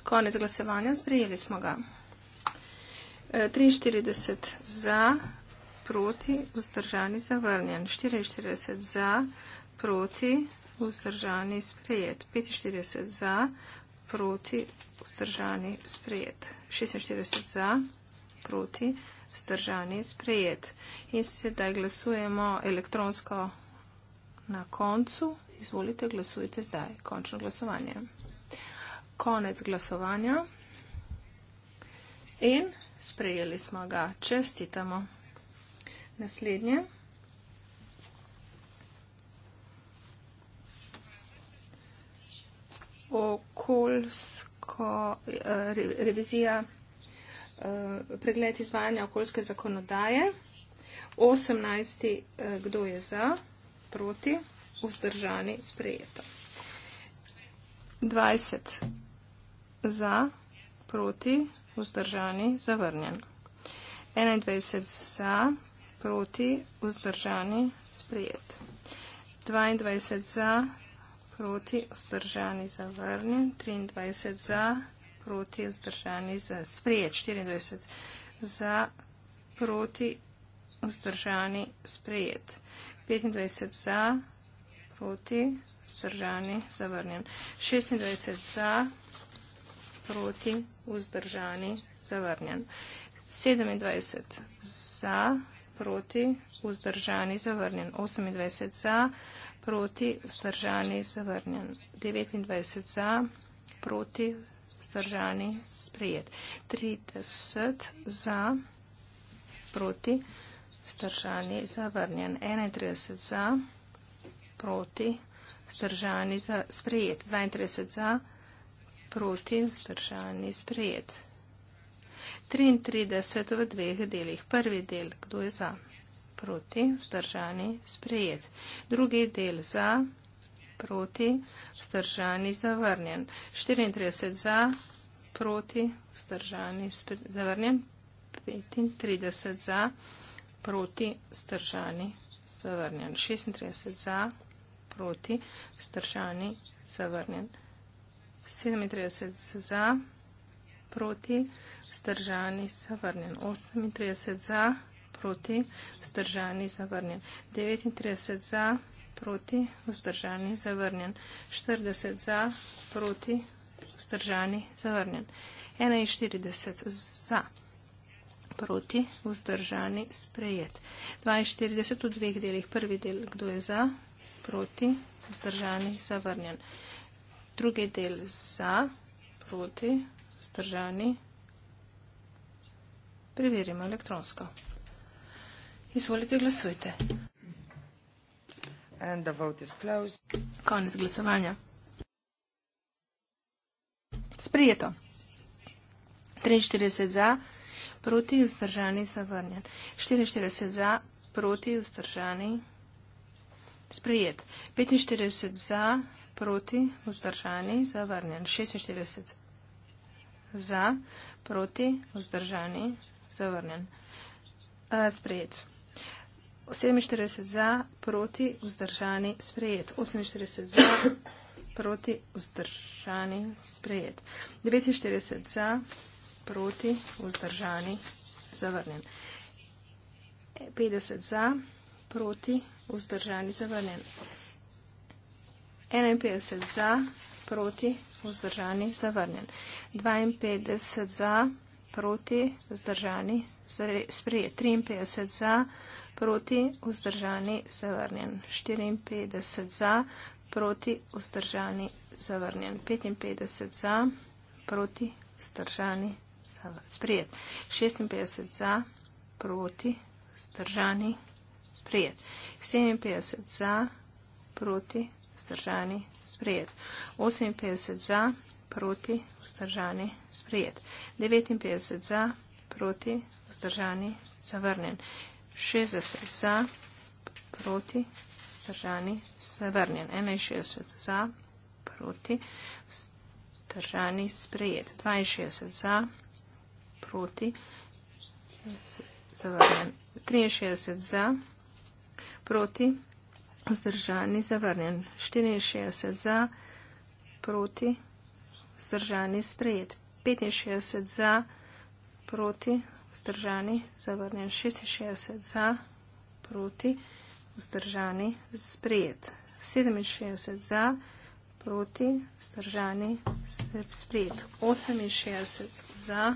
Konec glasovanja, sprejeli smo ga. 43 e, za, proti, vzdržani, zavrnjen. 44 za, proti, vzdržani, sprejet. 45 za, proti, vzdržani, sprejet. 46 za, proti, vzdržani, sprejet. In sedaj glasujemo elektronsko na koncu. Izvolite, glasujte zdaj. Končno glasovanje konec glasovanja in sprejeli smo ga. Čestitamo. Naslednje. Okoljsko eh, revizija, eh, pregled izvajanja okoljske zakonodaje. 18. Eh, kdo je za, proti, vzdržani, sprejeto. 20 za, proti, vzdržani, zavrnjen. 21 za, proti, vzdržani, sprejet. 22 za, proti, vzdržani, zavrnjen. 23 za, proti, vzdržani, za, sprejet. 24 za, proti, vzdržani, sprejet. 25 za, proti, vzdržani, zavrnjen. 26 za, proti, vzdržani, zavrnjen. 27 za, proti, vzdržani, zavrnjen. 28 za, proti, vzdržani, zavrnjen. 29 za, proti, vzdržani, sprejet. 30 za, proti, vzdržani, zavrnjen. 31 za, proti, vzdržani, sprejet. 32 za, proti, vzdržani, zavrnjen proti vzdržani sprejet. 33 v dveh delih. Prvi del, kdo je za? Proti vzdržani sprejet. Drugi del za, proti vzdržani zavrnjen. 34 za, proti vzdržani zavrnjen. 35 za, proti vzdržani zavrnjen. 36 za, proti vzdržani zavrnjen. 37 za, proti, vzdržani, zavrnjen. 38 za, proti, vzdržani, zavrnjen. 39 za, proti, vzdržani, zavrnjen. 40 za, proti, vzdržani, zavrnjen. 41 za, proti, vzdržani, sprejet. 42 v dveh delih. Prvi del, kdo je za, proti, vzdržani, zavrnjen drugi del za, proti, zdržani. Preverimo elektronsko. Izvolite, glasujte. And the vote is closed. Konec glasovanja. Sprijeto. 43 za, proti, vzdržani, zavrnjen. 44 za, proti, vzdržani, sprijet. 45 za, proti, vzdržani, zavrnjen. 46 za, proti, vzdržani, zavrnjen. E, sprejet. 47 za, proti, vzdržani, sprejet. 48 za, proti, vzdržani, sprejet. 49 za, proti, vzdržani, zavrnjen. 50 za, proti, vzdržani, zavrnjen. 51 za, proti, vzdržani, zavrnjen. 52 za, proti, vzdržani, sprejet. 53 za, proti, vzdržani, zavrnjen. 54 za, proti, vzdržani, zavrnjen. 55 za, proti, vzdržani, sprejet. 56 za, proti, vzdržani, sprejet. 57 za, proti, vzdržani, sprejet vzdržani, sprejet. 58 za, proti, vzdržani, sprejet. 59 za, proti, vzdržani, zavrnen. 60 za, proti, vzdržani, zavrnen. 61 za, proti, vzdržani, sprejet. 62 za, proti, zavrnen. 63 za, proti, vzdržani, zavrnjen. 64 za, proti, vzdržani, sprejet. 65 za, proti, vzdržani, zavrnjen. 66 za, proti, vzdržani, sprejet. 67 za, proti, vzdržani, sprejet. 68 za,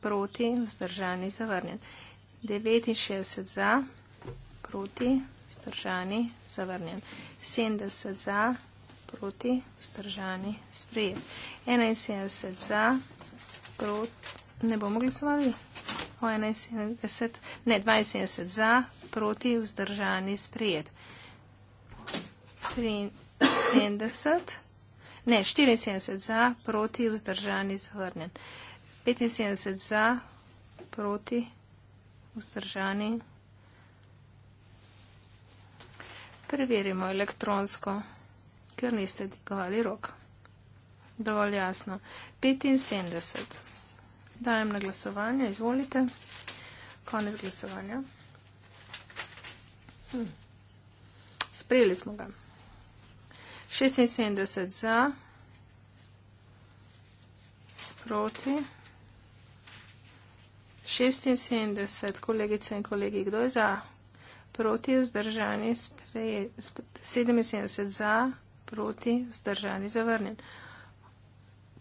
proti, vzdržani, zavrnjen. 69 za, proti, vzdržani, sprejet vzdržani, zavrnjen. 70 za, proti, vzdržani, sprejet. 71 za, proti, ne bomo glasovali. O 71, ne, 72 za, proti, vzdržani, sprejet. 73, ne, 74 za, proti, vzdržani, zavrnjen. 75 za, proti, vzdržani, zavrnjen. Preverimo elektronsko, ker niste dvigovali rok. Dovolj jasno. 75. Dajem na glasovanje, izvolite. Konec glasovanja. Hm. Sprejeli smo ga. 76 za, proti. 76, kolegice in kolegi, kdo je za? proti vzdržani, spreje, sp 77 za, proti vzdržani, zavrnjen.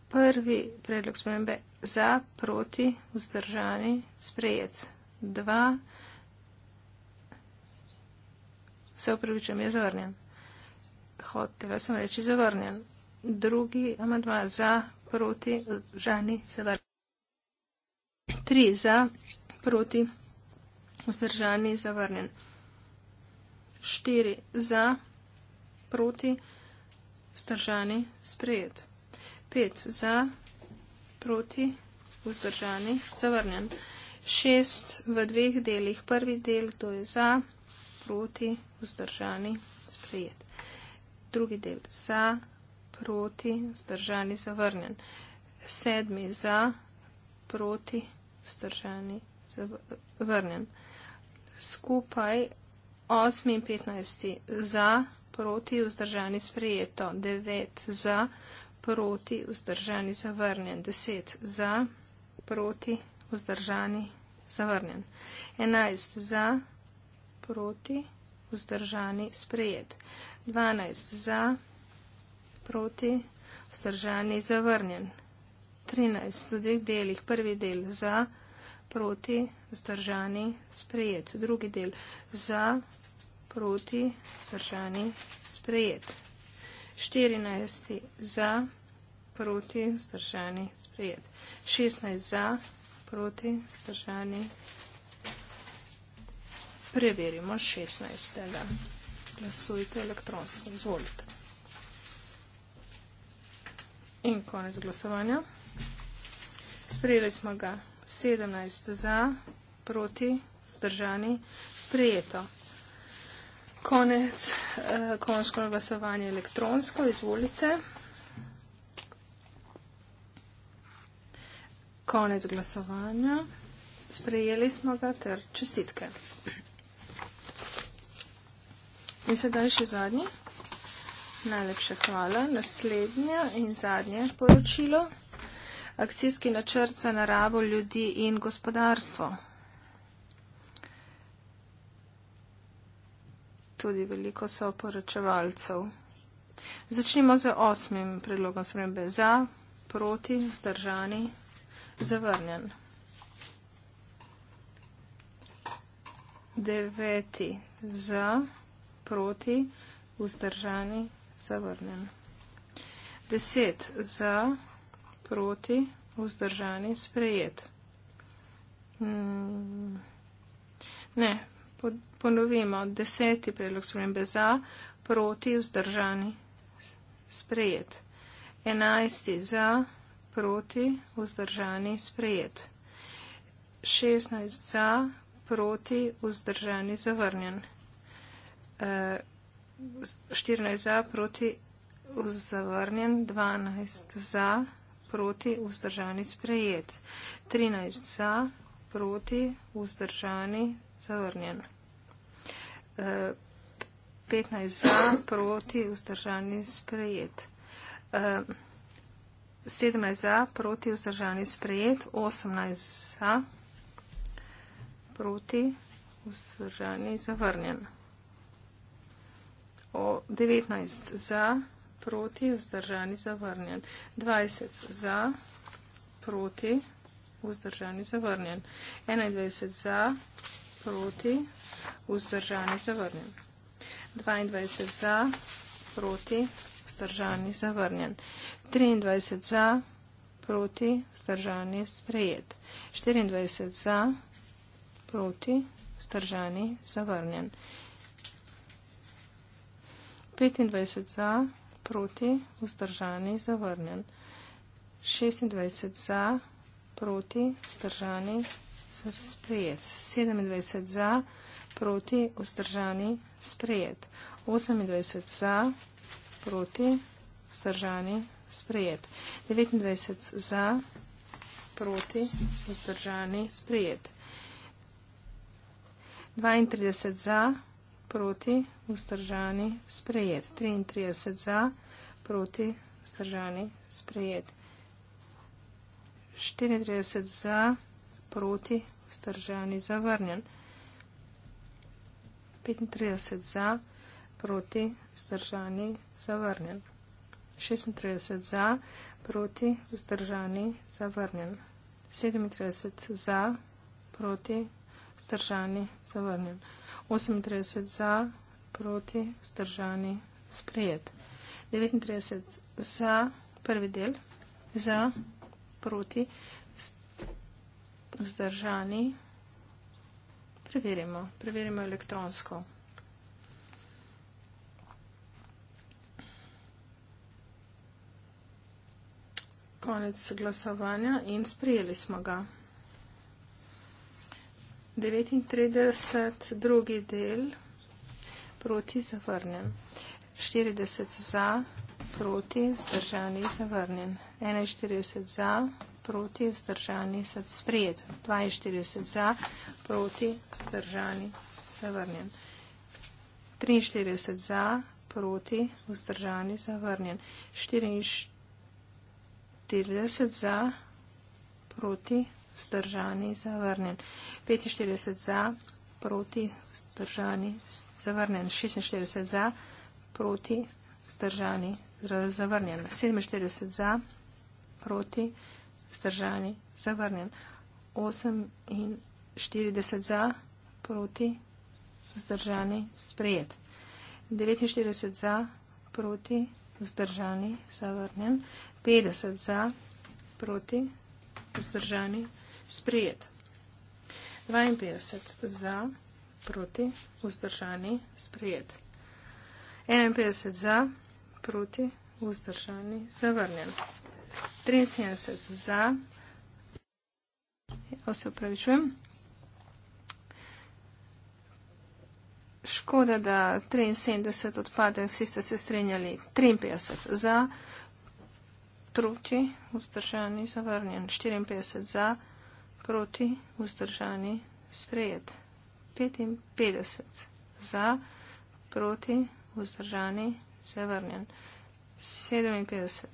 Prvi predlog spremembe za, proti vzdržani, sprejec. Dva, se upravičujem, je zavrnjen. Hotela sem reči zavrnjen. Drugi amadma za, proti vzdržani, zavrnjen. Tri za, proti vzdržani, zavrnjen. 4 za, proti, vzdržani, sprejet. 5 za, proti, vzdržani, zavrnjen. 6 v dveh delih, prvi del, to je za, proti, vzdržani, sprejet. Drugi del za, proti, vzdržani, zavrnjen. 7 za, proti, vzdržani, zavrnjen. Skupaj 8 in 15 za, proti, vzdržani, sprejeto, 9 za, proti, vzdržani, zavrnjen, 10 za, proti, vzdržani, zavrnjen, 11 za, proti, vzdržani, sprejet, 12 za, proti, vzdržani, zavrnjen, 13 v dveh delih, prvi del za, proti, vzdržani, sprejet, drugi del za, proti, vzdržani, sprejet. 14 za, proti, vzdržani, sprejet. 16 za, proti, vzdržani. Preverimo 16. Glasujte elektronsko. Izvolite. In konec glasovanja. Sprejeli smo ga 17 za, proti, vzdržani, sprejeto. Konec, eh, končno glasovanje elektronsko, izvolite. Konec glasovanja. Sprejeli smo ga ter čestitke. In sedaj še zadnji. Najlepše hvala. Naslednje in zadnje poročilo. Akcijski načrt za narabo ljudi in gospodarstvo. tudi veliko soporočevalcev. Začnimo z osmim predlogom spremembe. Za, proti, zdržani, zavrnjen. Deveti za, proti, vzdržani, zavrnjen. Deset za, proti, vzdržani, sprejet. Mm. Ne, Ponovimo, deseti predlog spremembe za, proti, vzdržani, sprejet. Enajsti za, proti, vzdržani, sprejet. Šestnajst za, proti, vzdržani, zavrnjen. Eh, Štirnajst za, proti, vzdržani, dvanajst za, proti, vzdržani, sprejet. Trinajst za, proti, vzdržani, zavrnjen. 15 za, proti, vzdržani sprejet. 17 za, proti, vzdržani sprejet. 18 za, proti, vzdržani zavrnjen. 19 za, proti, vzdržani zavrnjen. 20 za, proti, vzdržani zavrnjen. 21 za, proti, vzdržani zavrnjen. 22 za, proti, vzdržani zavrnjen. 23 za, proti, vzdržani sprejet. 24 za, proti, vzdržani zavrnjen. 25 za, proti, vzdržani zavrnjen. 26 za, proti, vzdržani zavrnjen sicer sprejet. 27 za, proti, vzdržani, sprejet. 28 za, proti, vzdržani, sprejet. 29 za, proti, vzdržani, sprejet. 32 za, proti, vzdržani, sprejet. 33 za, proti, vzdržani, sprejet. 34 za, proti, vzdržani zavrnjen. 35 za, proti, vzdržani zavrnjen. 36 za, proti, vzdržani zavrnjen. 37 za, proti, vzdržani zavrnjen. 38 za, proti, vzdržani sprejet. 39 za, prvi del, za, proti, vzdržani. Preverimo, preverimo elektronsko. Konec glasovanja in sprijeli smo ga. 39, drugi del, proti zavrnjen. 40 za, proti, zdržani, zavrnjen. 41 za proti, vzdržani, sprejet. 42 za, proti, vzdržani, zavrnjen. 43 za, proti, vzdržani, zavrnjen. 44 za, proti, vzdržani, zavrnjen. 45 za, proti, vzdržani, zavrnjen. 46 za, proti, vzdržani, zavrnjen. 47 za, proti, vzdržani, zavrnjen vzdržani, zavrnjen. 48 za, proti, vzdržani, sprejet. 49 za, proti, vzdržani, zavrnjen. 50 za, proti, vzdržani, sprejet. 52 za, proti, vzdržani, sprejet. 51 za, proti, vzdržani, zavrnjen. 73 za. O, ja, se upravičujem. Škoda, da 73 odpade, vsi ste se strenjali. 53 za, proti, vzdržani, zavrnjen. 54 za, proti, vzdržani, sprejet. 55 za, proti, vzdržani, zavrnjen. 57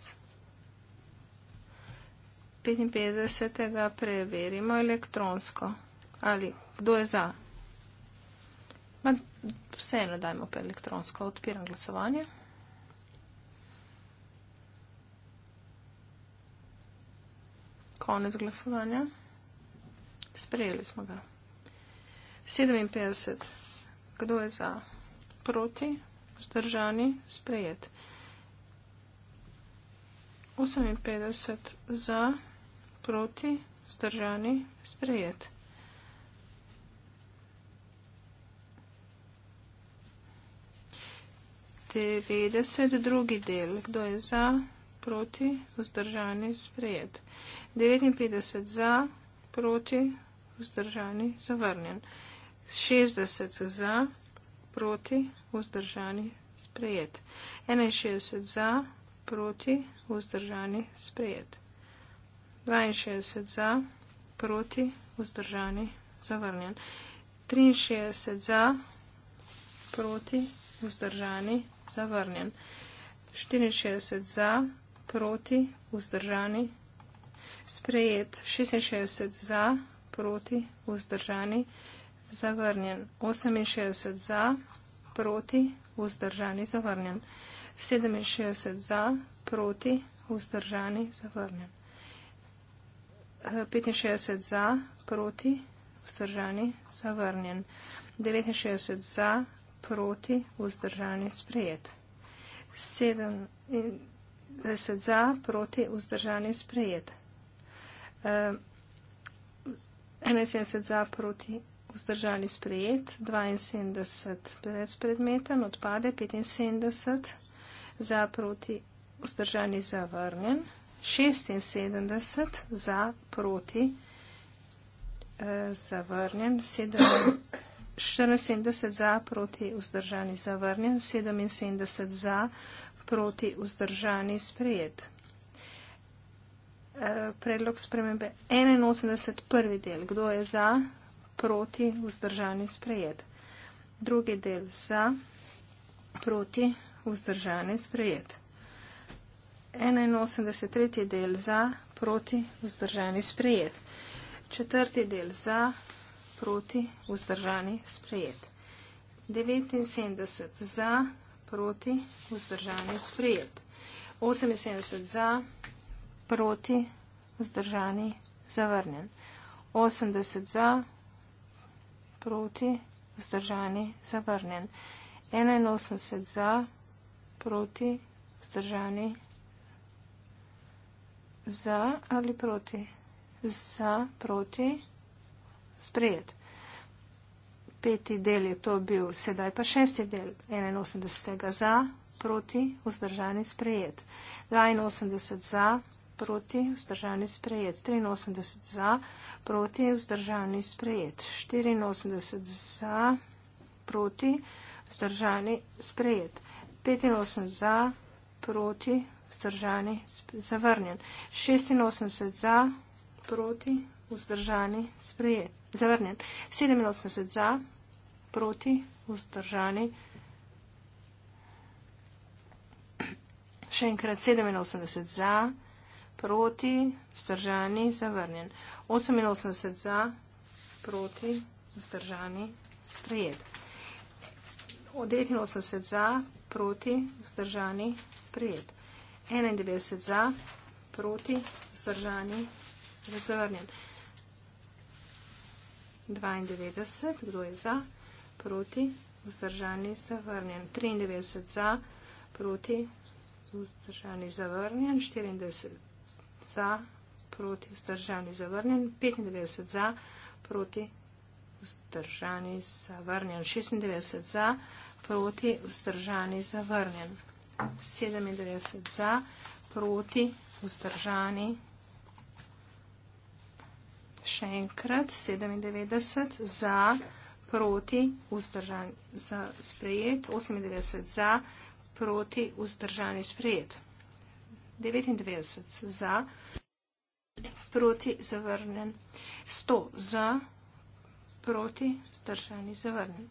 55. preverimo elektronsko. Ali kdo je za? Ma, vse eno dajmo pa elektronsko. Odpiram glasovanje. Konec glasovanja. Sprejeli smo ga. 57. Kdo je za? Proti? Zdržani? Sprejet. 58 za proti, vzdržani, sprejet. Devedeset drugi del, kdo je za, proti, vzdržani, sprejet. Devetinpetdeset za, proti, vzdržani, zavrnjen. Šestdeset za, proti, vzdržani, sprejet. Enajšestdeset za, proti, vzdržani, sprejet. 62 za, proti, vzdržani, zavrnjen. 63 za, proti, vzdržani, zavrnjen. 64 za, proti, vzdržani, sprejet. 66 za, proti, vzdržani, zavrnjen. 68 za, proti, vzdržani, zavrnjen. 67 za, proti, vzdržani, zavrnjen. 65 za, proti, vzdržani, zavrnjen. 69 za, proti, vzdržani, sprejet. 70 za, proti, vzdržani, sprejet. 71 za, proti, vzdržani, sprejet. 72 brez predmeta, odpade 75 za, proti, vzdržani, zavrnjen. 76 za proti, eh, zavrnjen, 74 za proti, vzdržani, zavrnjen, 77 za proti, vzdržani, sprejet. Eh, predlog spremembe 81, prvi del, kdo je za, proti, vzdržani, sprejet. Drugi del za, proti, vzdržani, sprejet. 81. tretji del za, proti, vzdržani, sprejet. Četrti del za, proti, vzdržani, sprejet. 79 za, proti, vzdržani, sprejet. 78 za, proti, vzdržani, zavrnjen. 80 za, proti, vzdržani, zavrnjen. 81 za, proti, vzdržani, zavrnjen za ali proti? Za, proti, sprejet. Peti del je to bil, sedaj pa šesti del 81. za, proti, vzdržani, sprejet. 82 za, proti, vzdržani, sprejet. 83 za, proti, vzdržani, sprejet. 84 za, proti, vzdržani, sprejet. 85 za, proti, vzdržani, zavrnjen. 86 za, proti, vzdržani, sprejet, zavrnjen. 87 za, proti, vzdržani. Še enkrat 87 za, proti, vzdržani, zavrnjen. 88 za, proti, vzdržani, sprejet. 89 za, proti, vzdržani, sprejet. 91 za, proti, vzdržani, zavrnjen. 92, kdo je za, proti, vzdržani, zavrnjen. 93 za, proti, vzdržani, zavrnjen. 94 za, proti, vzdržani, zavrnjen. 95 za, proti, vzdržani, zavrnjen. 96 za, proti, vzdržani, zavrnjen. 96 za, proti, 97 za, proti, vzdržani. Še enkrat 97 za, proti, vzdržani za sprejet, 98 za, proti, vzdržani sprejet. 99 za, proti, zavrnen. 100 za, proti, vzdržani, zavrnen.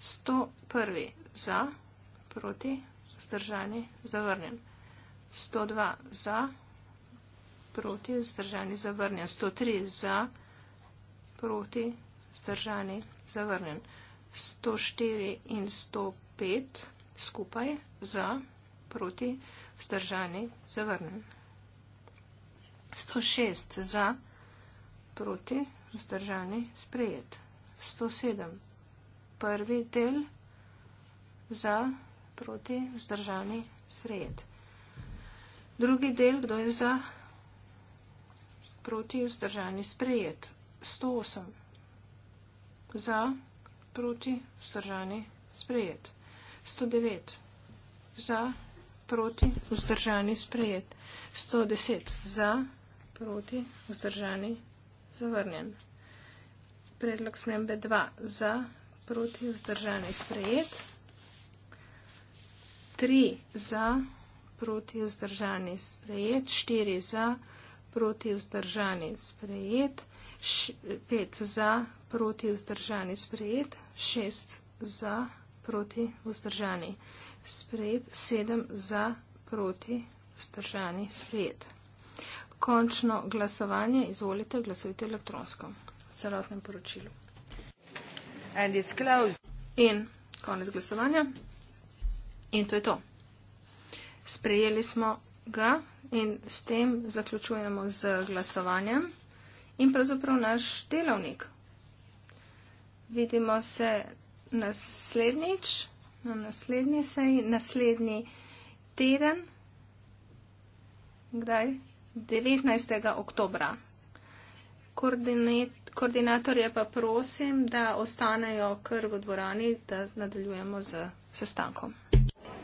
101 za, proti, vzdržani proti, vzdržani, zavrnjen. 102 za, proti, vzdržani, zavrnjen. 103 za, proti, vzdržani, zavrnjen. 104 in 105 skupaj za, proti, vzdržani, zavrnjen. 106 za, proti, vzdržani, sprejet. 107 prvi del za, proti, vzdržani, sprejet. Drugi del, kdo je za, proti, vzdržani, sprejet. 108. Za, proti, vzdržani, sprejet. 109. Za, proti, vzdržani, sprejet. 110. Za, proti, vzdržani, zavrnjen. Predlog smembe 2. Za, proti, vzdržani, sprejet. 111. 3 za, proti vzdržani sprejet, 4 za, proti vzdržani sprejet, 5 za, proti vzdržani sprejet, 6 za, proti vzdržani sprejet, 7 za, proti vzdržani sprejet. Končno glasovanje, izvolite, glasujte elektronsko v celotnem poročilu. In konec glasovanja. In to je to. Sprejeli smo ga in s tem zaključujemo z glasovanjem in pravzaprav naš delovnik. Vidimo se naslednjič, na naslednji seji, naslednji teden. Kdaj? 19. oktobra. Koordinatorje pa prosim, da ostanejo kar v dvorani, da nadaljujemo z sestankom.